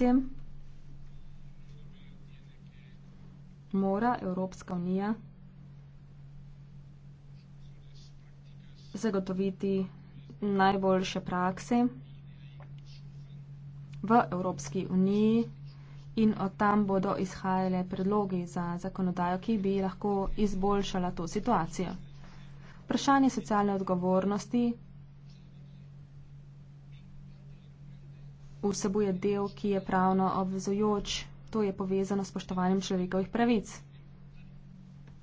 je. mora Evropska unija zagotoviti najboljše prakse v Evropski uniji in od tam bodo izhajale predlogi za zakonodajo, ki bi lahko izboljšala to situacijo. Vprašanje socialne odgovornosti vsebuje del, ki je pravno obvezujoč To je povezano s spoštovanjem človekovih pravic.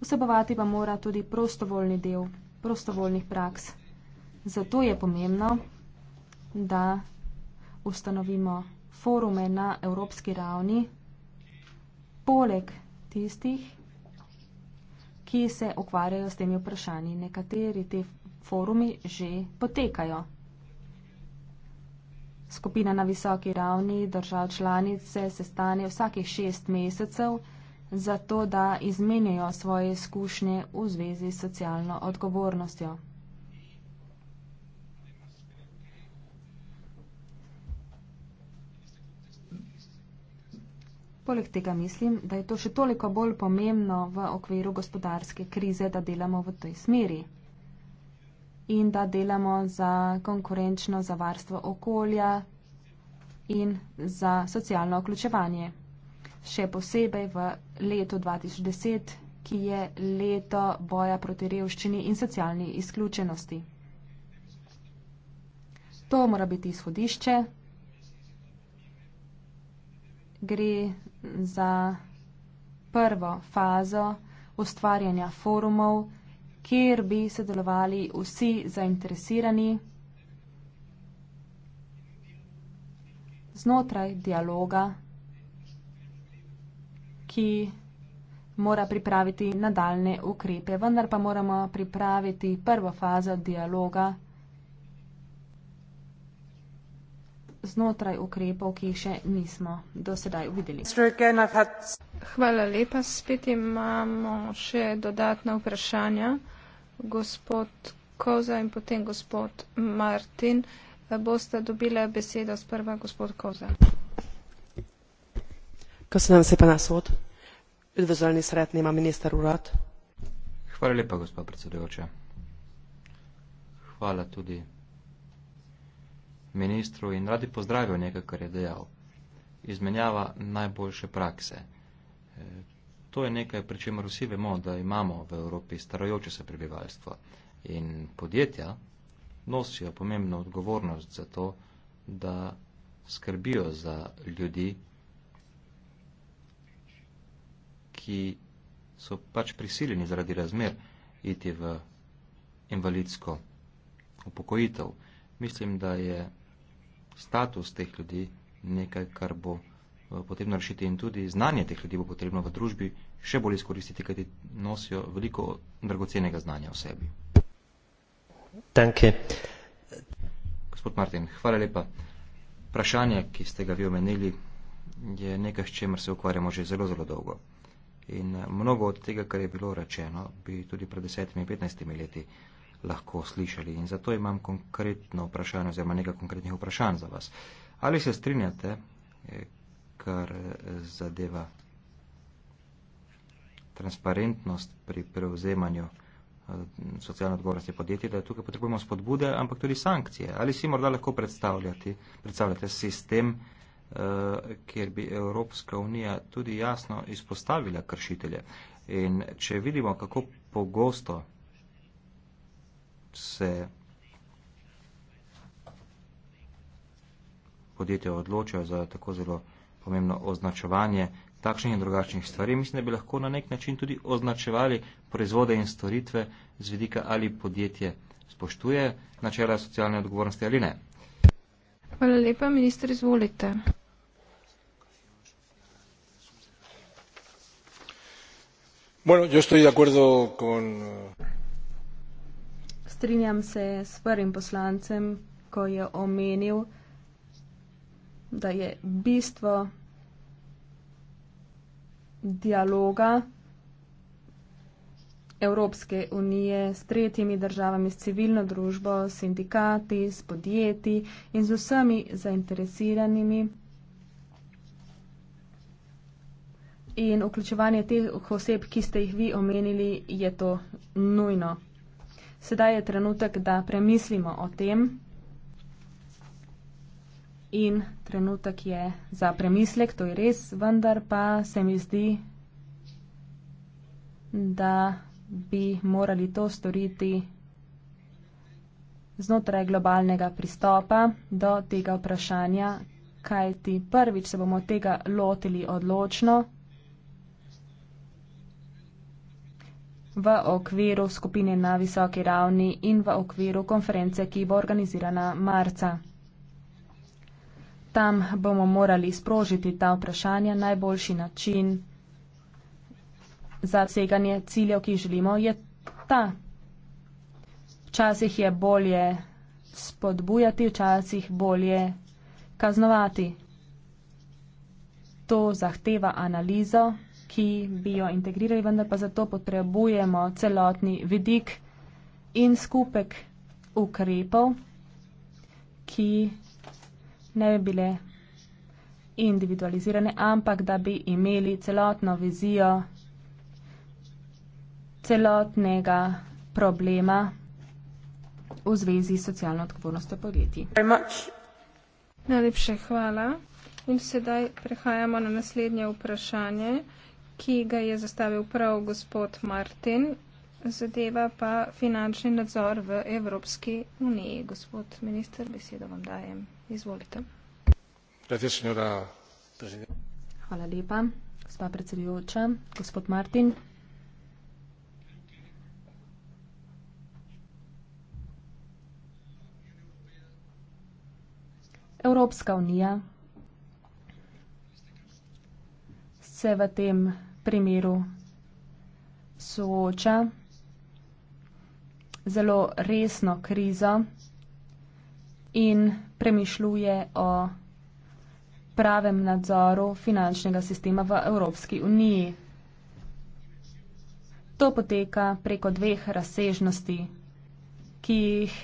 Vsebovati pa mora tudi prostovoljni del prostovoljnih praks. Zato je pomembno, da ustanovimo forume na evropski ravni, poleg tistih, ki se ukvarjajo s temi vprašanji. Nekateri te forumi že potekajo. Skupina na visoki ravni držav članice se stane vsakih šest mesecev, zato da izmenjajo svoje izkušnje v zvezi s socialno odgovornostjo. Poleg tega mislim, da je to še toliko bolj pomembno v okviru gospodarske krize, da delamo v tej smeri in da delamo za konkurenčno, za varstvo okolja in za socialno vključevanje. Še posebej v letu 2010, ki je leto boja proti revščini in socialni izključenosti. To mora biti izhodišče. Gre za prvo fazo ustvarjanja forumov, kjer bi sodelovali vsi zainteresirani znotraj dialoga, ki mora pripraviti nadaljne ukrepe. Vendar pa moramo pripraviti prvo fazo dialoga znotraj ukrepov, ki še nismo do sedaj videli. Hvala lepa. Spet imamo še dodatna vprašanja gospod Koza in potem gospod Martin. Boste dobile besedo sprva gospod Koza. Ko se nam se pa nas od, odvezalni sred nima minister urad. Hvala lepa, gospod predsedujoča. Hvala tudi ministru in radi pozdravil nekaj, kar je dejal. Izmenjava najboljše prakse. To je nekaj, pri čemer vsi vemo, da imamo v Evropi starajoče se prebivalstvo in podjetja nosijo pomembno odgovornost za to, da skrbijo za ljudi, ki so pač prisiljeni zaradi razmer iti v invalidsko upokojitev. Mislim, da je status teh ljudi nekaj, kar bo. Eh, potrebno rešiti in tudi znanje teh ljudi bo potrebno v družbi še bolj izkoristiti, kajti nosijo veliko dragocenega znanja v sebi. Danke. Gospod Martin, hvala lepa. Vprašanje, ki ste ga vi omenili, je nekaj, s čemer se ukvarjamo že zelo, zelo dolgo. In eh, mnogo od tega, kar je bilo rečeno, bi tudi pred 10-15 leti lahko slišali. In zato imam konkretno vprašanje oziroma nekaj konkretnih vprašanj za vas. Ali se strinjate, eh, kar eh, zadeva transparentnost pri prevzemanju eh, socialne odgovornosti podjetij, da tukaj potrebujemo spodbude, ampak tudi sankcije. Ali si morda lahko predstavljati, predstavljate sistem, eh, kjer bi Evropska unija tudi jasno izpostavila kršitelje. In če vidimo, kako pogosto se podjetja odločajo za tako zelo pomembno označevanje takšnih in drugačnih stvari. Mislim, da bi lahko na nek način tudi označevali proizvode in storitve z vidika ali podjetje spoštuje načela socialne odgovornosti ali ne. Hvala lepa, minister, izvolite. Bueno, yo estoy de acuerdo con... Strinjam se s prvim poslancem, ko je omenil, da je bistvo dialoga Evropske unije s tretjimi državami, s civilno družbo, s sindikati, s podjetji in z vsemi zainteresiranimi. In vključevanje teh oseb, ki ste jih vi omenili, je to nujno. Sedaj je trenutek, da premislimo o tem in trenutek je za premislek, to je res, vendar pa se mi zdi, da bi morali to storiti znotraj globalnega pristopa do tega vprašanja, kaj ti prvič se bomo tega lotili odločno v okviru skupine na visoki ravni in v okviru konference, ki bo organizirana marca tam bomo morali sprožiti ta vprašanja. Najboljši način za seganje ciljev, ki želimo, je ta. Včasih je bolje spodbujati, včasih bolje kaznovati. To zahteva analizo, ki bi jo integrirali, vendar pa zato potrebujemo celotni vidik in skupek ukrepov, ki ne bi bile individualizirane, ampak da bi imeli celotno vizijo celotnega problema v zvezi s socialno odgovornostjo podjetij. Najlepše hvala. In sedaj prehajamo na naslednje vprašanje, ki ga je zastavil prav gospod Martin zadeva pa finančni nadzor v Evropski uniji. Gospod minister, besedo vam dajem. Izvolite. Hvala lepa, gospa predsedujoča, gospod Martin. Evropska unija se v tem primeru sooča zelo resno krizo in premišljuje o pravem nadzoru finančnega sistema v Evropski uniji. To poteka preko dveh razsežnosti, ki jih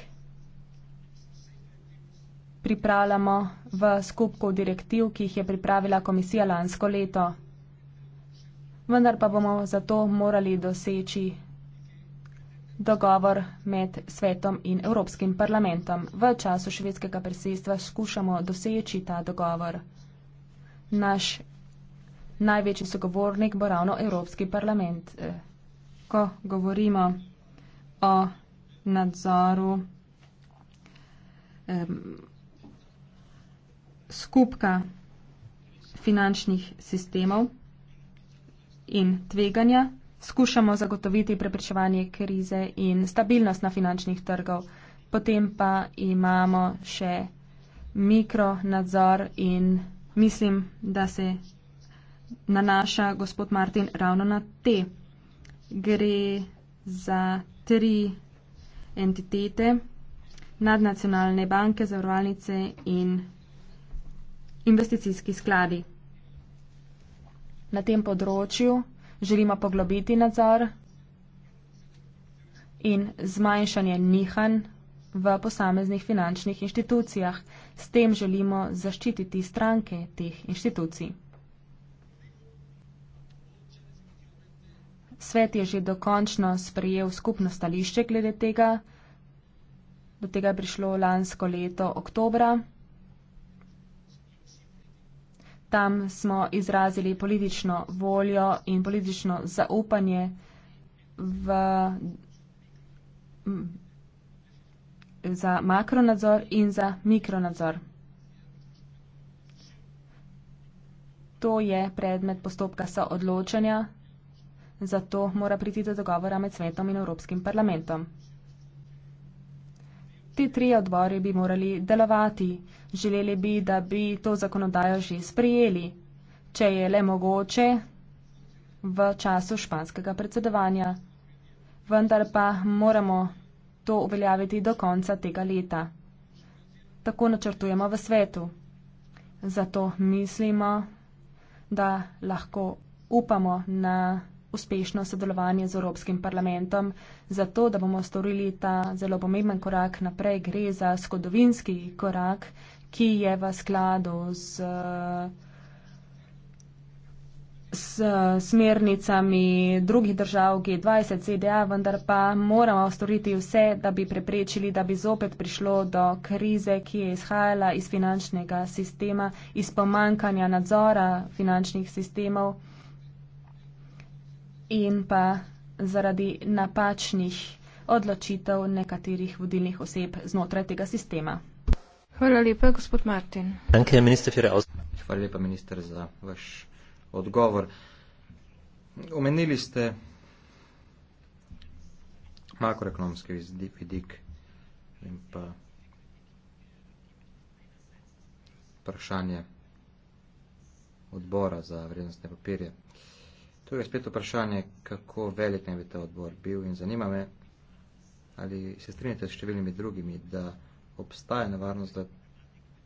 pripravljamo v skupku direktiv, ki jih je pripravila komisija lansko leto. Vendar pa bomo zato morali doseči dogovor med svetom in Evropskim parlamentom. V času švedskega presedstva skušamo doseči ta dogovor. Naš največji sogovornik bo ravno Evropski parlament. E, ko govorimo o nadzoru um, skupka finančnih sistemov in tveganja, skušamo zagotoviti preprečevanje krize in stabilnost na finančnih trgov. Potem pa imamo še mikronadzor in mislim, da se nanaša gospod Martin ravno na te. Gre za tri entitete, nadnacionalne banke, zavarovalnice in investicijski skladi. Na tem področju želimo poglobiti nadzor in zmanjšanje nihanj v posameznih finančnih inštitucijah. S tem želimo zaščititi stranke teh inštitucij. Svet je že dokončno sprejel skupno stališče glede tega. Do tega je prišlo lansko leto oktobra. Tam smo izrazili politično voljo in politično zaupanje v, za makronadzor in za mikronadzor. To je predmet postopka so odločanja, zato mora priti do dogovora med svetom in Evropskim parlamentom. Ti tri odbori bi morali delovati. Želeli bi, da bi to zakonodajo že sprijeli, če je le mogoče v času španskega predsedovanja. Vendar pa moramo to uveljaviti do konca tega leta. Tako načrtujemo v svetu. Zato mislimo, da lahko upamo na uspešno sodelovanje z Evropskim parlamentom, zato da bomo storili ta zelo pomemben korak naprej, gre za skodovinski korak, ki je v skladu z, z smernicami drugih držav G20, CDA, vendar pa moramo storiti vse, da bi preprečili, da bi zopet prišlo do krize, ki je izhajala iz finančnega sistema, iz pomankanja nadzora finančnih sistemov in pa zaradi napačnih odločitev nekaterih vodilnih oseb znotraj tega sistema. Hvala lepa, gospod Martin. Hvala lepa, minister, za vaš odgovor. Omenili ste makroekonomski vidik in pa vprašanje odbora za vrednostne papirje. Tukaj je spet vprašanje, kako velik naj bi ta odbor bil in zanima me, ali se strinjate s številnimi drugimi, da obstaja nevarnost, da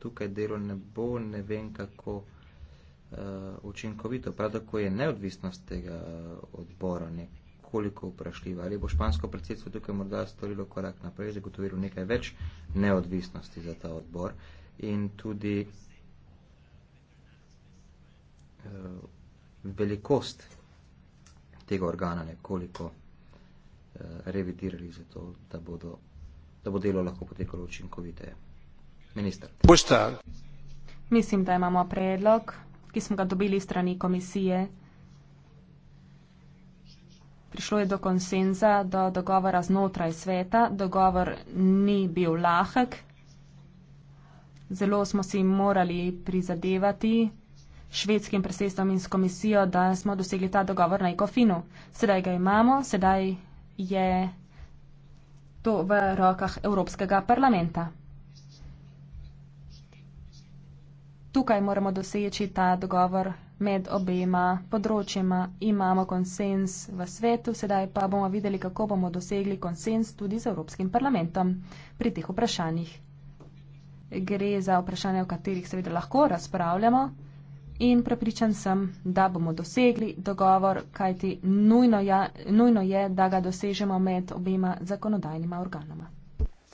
tukaj delo ne bo ne vem kako uh, učinkovito, prav tako je neodvisnost tega eh, odbora nekoliko vprašljiva. Ali bo špansko predsedstvo tukaj morda storilo korak naprej, zagotovilo nekaj več neodvisnosti za ta odbor in tudi. Uh, velikost tega organa nekoliko eh, revidirali, zato da, bodo, da bo delo lahko potekalo učinkoviteje. Minister. Pošta. Mislim, da imamo predlog, ki smo ga dobili strani komisije. Prišlo je do konsenza, do dogovora znotraj sveta. Dogovor ni bil lahek. Zelo smo si morali prizadevati, švedskim predsedstvom in s komisijo, da smo dosegli ta dogovor na ekofinu. Sedaj ga imamo, sedaj je to v rokah Evropskega parlamenta. Tukaj moramo doseči ta dogovor med obema področjema. Imamo konsens v svetu, sedaj pa bomo videli, kako bomo dosegli konsens tudi z Evropskim parlamentom pri teh vprašanjih. Gre za vprašanje, o katerih seveda lahko razpravljamo in prepričan sem, da bomo dosegli dogovor, kajti nujno, ja, nujno je, da ga dosežemo med obema zakonodajnima organoma.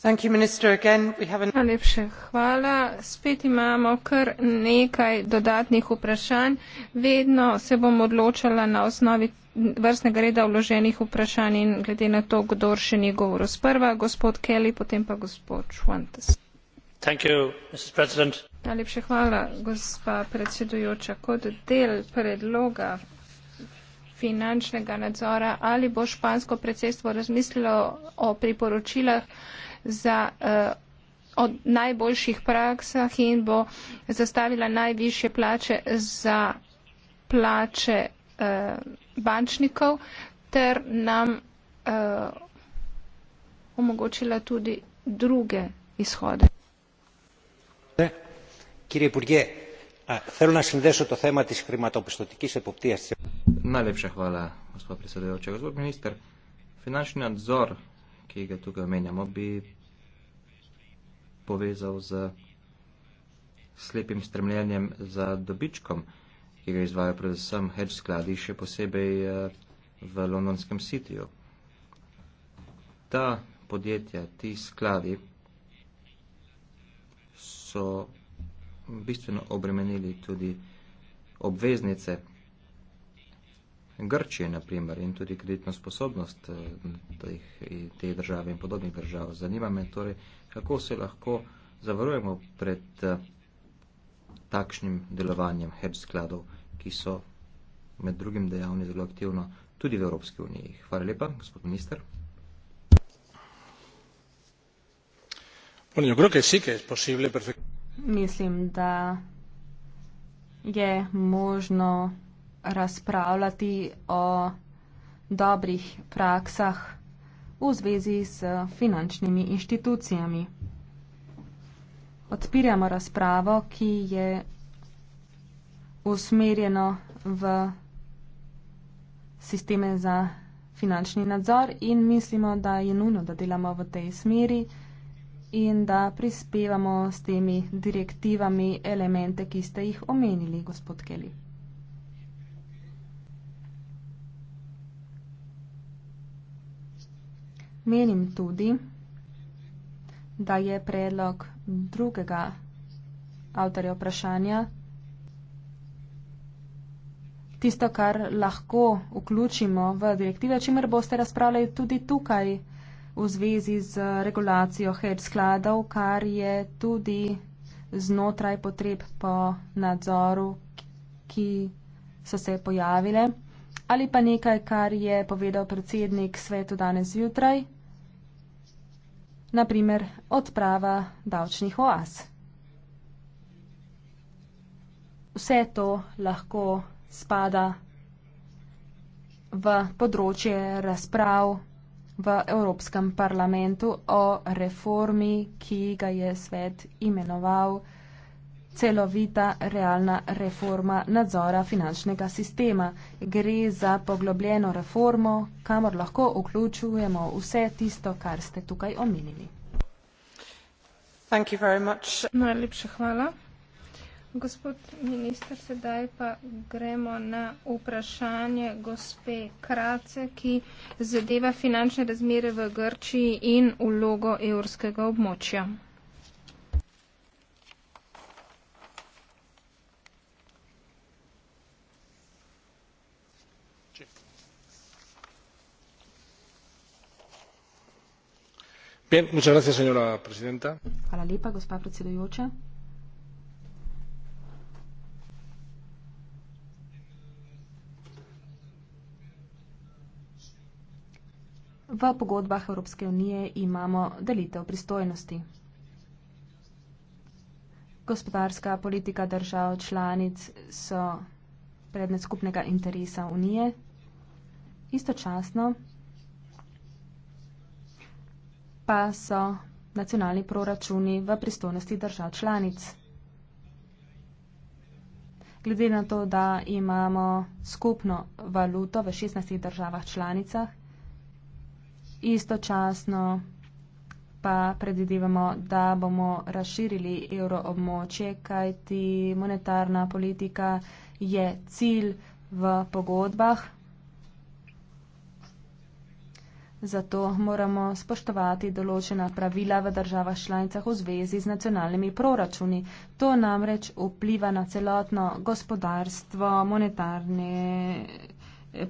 Thank you, minister, again. We have an... Najlepše hvala. Spet imamo kar nekaj dodatnih vprašanj. Vedno se bom odločala na osnovi vrstnega reda vloženih vprašanj in glede na to, kdo še ni govoril. Sprva gospod Kelly, potem pa gospod Švantes najlepša hvala gospa predsedujoča kot del predloga finančnega nadzora ali bo špansko predsedstvo razmislilo o priporočilah za eh, o najboljših praksah in bo zastavila najvišje plače za plače eh, bančnikov ter nam eh, omogočila tudi druge izhode κύριε Υπουργέ, θέλω να συνδέσω το θέμα της χρηματοπιστωτικής εποπτείας της Najlepša hvala, gospod predsedujoči. Gospod minister, finančni nadzor, ki ga tukaj omenjamo, bi povezal z slepim stremljenjem za dobičkom, ki ga izvajo predvsem hedge skladi, še posebej eh, v londonskem sitiju. Ta podjetja, ti skladi, so bistveno obremenili tudi obveznice Grčije, naprimer, in tudi kreditno sposobnost eh, teh, eh, te države in podobnih držav. Zanima me torej, kako se lahko zavarujemo pred eh, takšnim delovanjem hedge skladov, ki so med drugim dejavni zelo aktivno tudi v Evropski uniji. Hvala lepa, gospod minister. Bueno, yo creo que sí que es posible perfectamente. Mislim, da je možno razpravljati o dobrih praksah v zvezi s finančnimi inštitucijami. Odpiramo razpravo, ki je usmerjeno v sisteme za finančni nadzor in mislimo, da je nujno, da delamo v tej smeri in da prispevamo s temi direktivami elemente, ki ste jih omenili, gospod Keli. Menim tudi, da je predlog drugega avtorja vprašanja tisto, kar lahko vključimo v direktive, čimer boste razpravljali tudi tukaj v zvezi z regulacijo hedge skladov, kar je tudi znotraj potreb po nadzoru, ki so se pojavile, ali pa nekaj, kar je povedal predsednik svetu danes zjutraj, naprimer odprava davčnih oas. Vse to lahko spada v področje razprav v Evropskem parlamentu o reformi, ki ga je svet imenoval celovita realna reforma nadzora finančnega sistema. Gre za poglobljeno reformo, kamor lahko vključujemo vse tisto, kar ste tukaj omenili. Najlepša hvala. Gospod minister, sedaj pa gremo na vprašanje gospe Krace, ki zadeva finančne razmere v Grčiji in vlogo evrskega območja. Hvala lepa, gospa predsedujoča. V pogodbah Evropske unije imamo delitev pristojnosti. Gospodarska politika držav članic so predmet skupnega interesa unije. Istočasno pa so nacionalni proračuni v pristojnosti držav članic. Glede na to, da imamo skupno valuto v 16 državah članicah, istočasno pa predvidevamo, da bomo razširili evroobmočje, kajti monetarna politika je cilj v pogodbah. Zato moramo spoštovati določena pravila v državah članicah v zvezi z nacionalnimi proračuni. To namreč vpliva na celotno gospodarstvo, monetarne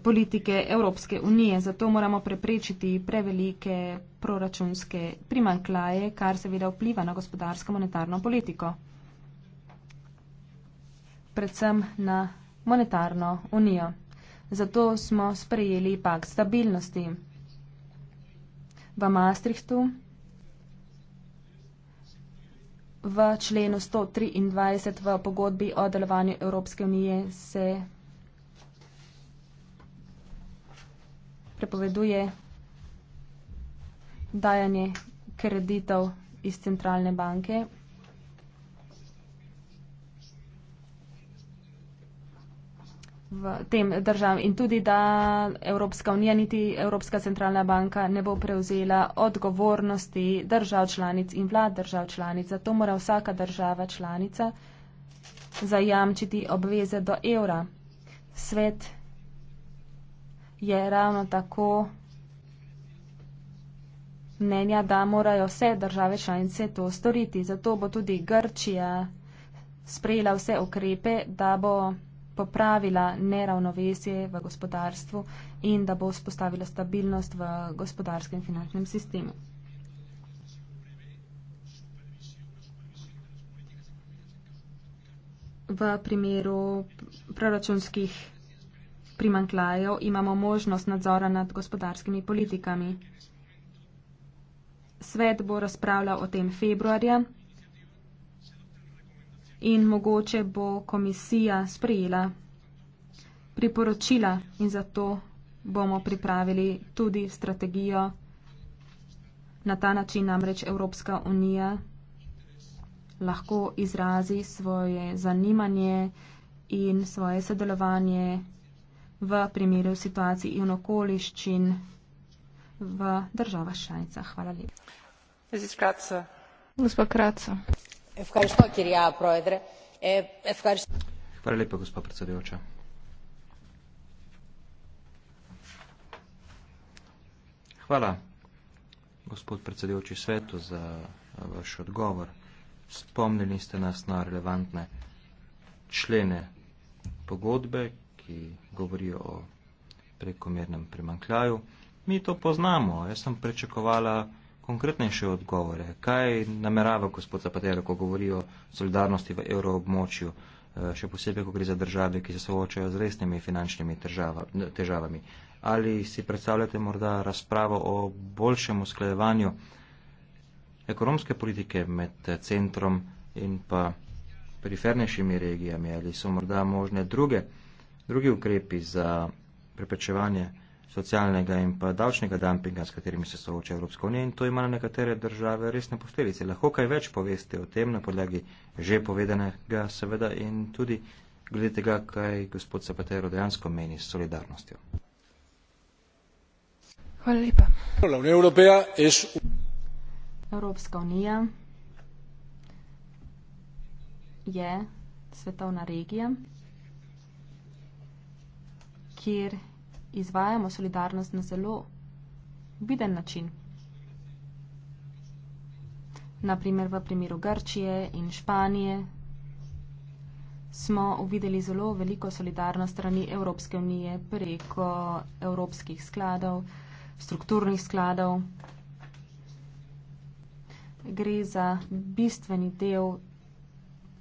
politike Evropske unije. Zato moramo preprečiti prevelike proračunske primankljaje, kar seveda vpliva na gospodarsko monetarno politiko. Predvsem na monetarno unijo. Zato smo sprejeli pakt stabilnosti. V Maastrichtu, v členu 123 v pogodbi o delovanju Evropske unije se prepoveduje dajanje kreditov iz centralne banke. v tem državam in tudi, da Evropska unija niti Evropska centralna banka ne bo prevzela odgovornosti držav članic in vlad držav članic. Zato mora vsaka država članica zajamčiti obveze do evra. Svet je ravno tako mnenja, da morajo vse države članice to storiti. Zato bo tudi Grčija sprejela vse ukrepe, da bo popravila neravnovesje v gospodarstvu in da bo vzpostavila stabilnost v gospodarskem in finančnem sistemu. V primeru proračunskih primankljajev imamo možnost nadzora nad gospodarskimi politikami. Svet bo razpravljal o tem februarja in mogoče bo komisija sprejela priporočila in zato bomo pripravili tudi strategijo. Na ta način namreč Evropska unija lahko izrazi svoje zanimanje in svoje sodelovanje v primeru situacij in okoliščin v državah članicah. Hvala lepa. Gospod Kraca. Ja, e, Hvala lepa, gospod predsedujoča. Hvala, gospod predsedujoči svetu, za vaš odgovor. Spomnili ste nas na relevantne člene pogodbe, ki govorijo o prekomernem primankljaju. Mi to poznamo. Jaz sem prečakovala konkretnejše odgovore. Kaj namerava gospod Zapatero, ko govori o solidarnosti v evroobmočju, eh, še posebej, ko gre za države, ki se soočajo z resnimi finančnimi težavami? Ali si predstavljate morda razpravo o boljšem usklajevanju ekonomske politike med eh, centrom in pa perifernejšimi regijami? Ali so morda možne druge? drugi ukrepi za preprečevanje socialnega in pa davčnega dumpinga, s katerimi se sooča Evropska unija in to ima na nekatere države resne posledice. Lahko kaj več poveste o tem na podlagi že povedanega seveda in tudi glede tega, kaj gospod Zapatero dejansko meni s solidarnostjo. Hvala lepa. Evropska unija je svetovna regija kjer izvajamo solidarnost na zelo viden način. Naprimer v primeru Grčije in Španije smo uvideli zelo veliko solidarnost strani Evropske unije preko evropskih skladov, strukturnih skladov. Gre za bistveni del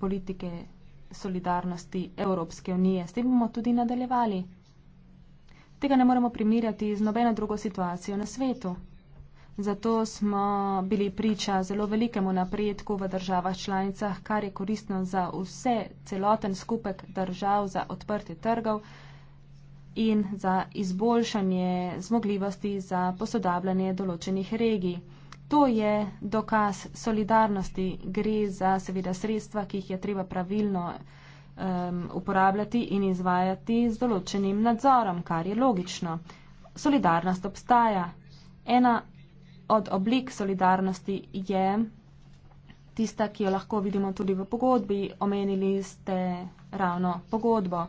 politike solidarnosti Evropske unije. S tem bomo tudi nadaljevali. Tega ne moremo primerjati z nobeno drugo situacijo na svetu. Zato smo bili priča zelo velikemu napredku v državah članicah, kar je koristno za vse celoten skupek držav za odprte trgov in za izboljšanje zmogljivosti za posodabljanje določenih regij. To je dokaz solidarnosti. Gre za seveda sredstva, ki jih je treba pravilno um, uporabljati in izvajati z določenim nadzorom, kar je logično. Solidarnost obstaja. Ena od oblik solidarnosti je tista, ki jo lahko vidimo tudi v pogodbi. Omenili ste ravno pogodbo.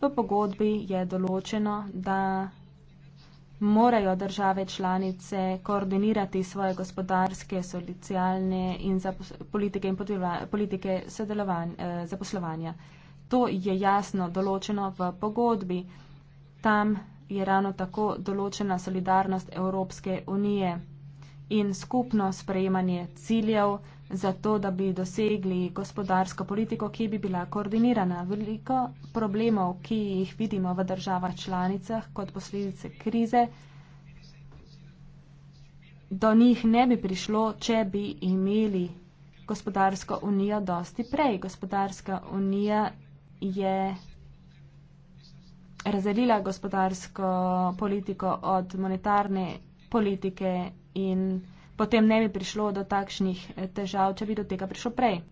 V pogodbi je določeno, da morajo države članice koordinirati svoje gospodarske, socialne in politike, in politike eh, zaposlovanja. To je jasno določeno v pogodbi. Tam je ravno tako določena solidarnost Evropske unije in skupno sprejemanje ciljev, zato, da bi dosegli gospodarsko politiko, ki bi bila koordinirana. Veliko problemov, ki jih vidimo v državah članicah kot posledice krize, do njih ne bi prišlo, če bi imeli gospodarsko unijo dosti prej. Gospodarska unija je razdelila gospodarsko politiko od monetarne politike in politike potem ne bi prišlo do takšnih eh, težav, če bi do tega prišlo prej.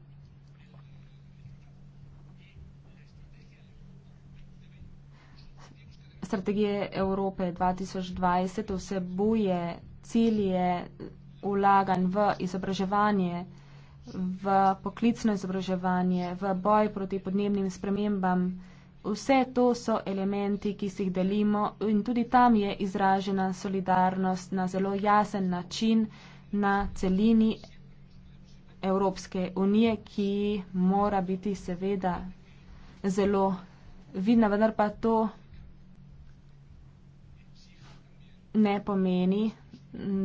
Strategije Evrope 2020 vsebuje cilje ulaganj v izobraževanje, v poklicno izobraževanje, v boj proti podnebnim spremembam. Vse to so elementi, ki si jih delimo in tudi tam je izražena solidarnost na zelo jasen način na celini Evropske unije, ki mora biti seveda zelo vidna, vendar pa to ne pomeni,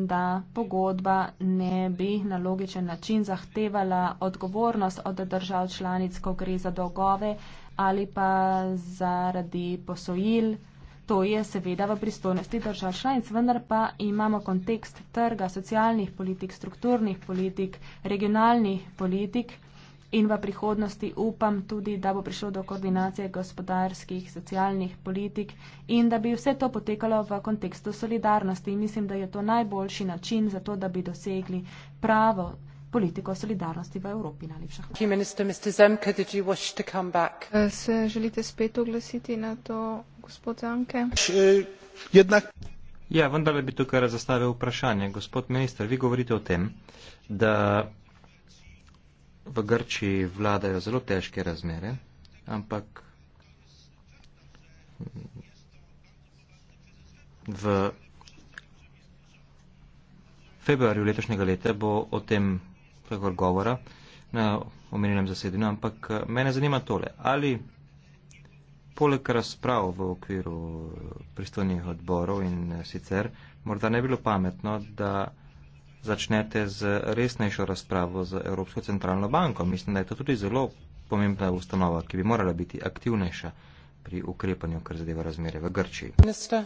da pogodba ne bi na logičen način zahtevala odgovornost od držav članic, ko gre za dolgove ali pa zaradi posojil. To je seveda v pristojnosti držav članic, vendar pa imamo kontekst trga, socialnih politik, strukturnih politik, regionalnih politik in v prihodnosti upam tudi, da bo prišlo do koordinacije gospodarskih, socialnih politik in da bi vse to potekalo v kontekstu solidarnosti. Mislim, da je to najboljši način za to, da bi dosegli pravo politiko solidarnosti v Evropi. Najlepša hvala. E, se želite spet oglasiti na to, gospod Zamke? E, ja, vendar bi tukaj razstavil vprašanje. Gospod minister, vi govorite o tem, da v Grči vladajo zelo težke razmere, ampak v februarju letošnjega leta bo o tem prekor govora na omenjenem zasedanju, ampak eh, mene zanima tole, ali poleg razprav v okviru eh, pristojnih odborov in eh, sicer morda ne bilo pametno, da začnete z resnejšo razpravo z Evropsko centralno banko. Mislim, da je to tudi zelo pomembna ustanova, ki bi morala biti aktivnejša pri ukrepanju, kar zadeva razmere v Grčiji. Minister.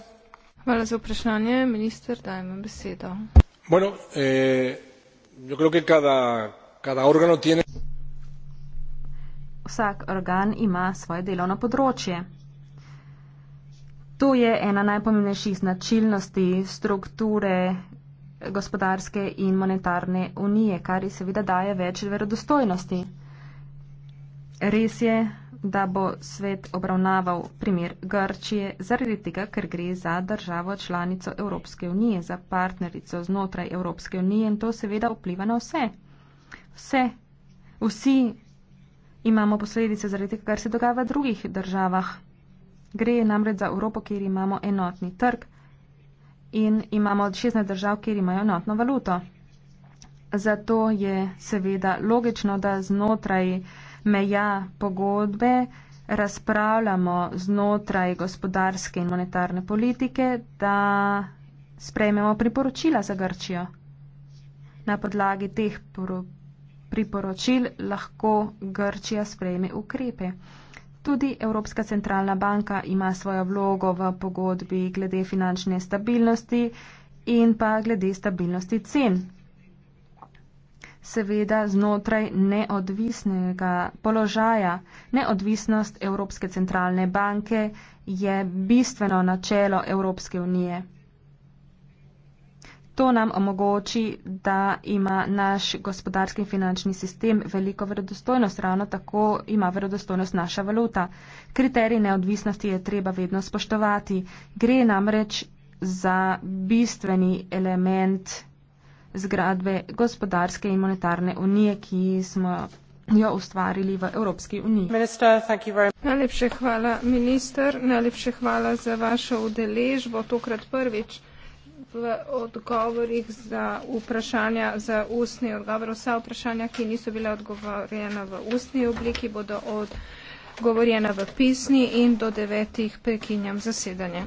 Hvala za vprašanje. Minister, dajmo besedo. Bueno, eh yo creo que cada, cada órgano tiene. Vsak organ ima svoje delovno področje. To je ena najpomembnejših značilnosti strukture gospodarske in monetarne unije, kar je seveda daje več verodostojnosti. Res je, da bo svet obravnaval primer Grčije zaradi tega, ker gre za državo članico Evropske unije, za partnerico znotraj Evropske unije in to seveda vpliva na vse. Vse, vsi imamo posledice zaradi tega, kar se dogaja v drugih državah. Gre namreč za Evropo, kjer imamo enotni trg in imamo 16 držav, kjer imajo enotno valuto. Zato je seveda logično, da znotraj meja pogodbe razpravljamo znotraj gospodarske in monetarne politike, da sprejmemo priporočila za Grčijo. Na podlagi teh priporočil lahko Grčija sprejme ukrepe. Tudi Evropska centralna banka ima svojo vlogo v pogodbi glede finančne stabilnosti in pa glede stabilnosti cen seveda znotraj neodvisnega položaja. Neodvisnost Evropske centralne banke je bistveno načelo Evropske unije. To nam omogoči, da ima naš gospodarski in finančni sistem veliko verodostojnost, ravno tako ima verodostojnost naša valuta. Kriterij neodvisnosti je treba vedno spoštovati. Gre namreč za bistveni element zgradbe gospodarske in monetarne unije, ki smo jo ustvarili v Evropski uniji. Minister, najlepše hvala, minister, najlepše hvala za vašo udeležbo tokrat prvič v odgovorih za vprašanja, za ustni odgovor. Vsa vprašanja, ki niso bila odgovorjena v ustni obliki, bodo odgovorjena v pisni in do devetih prekinjam zasedanje.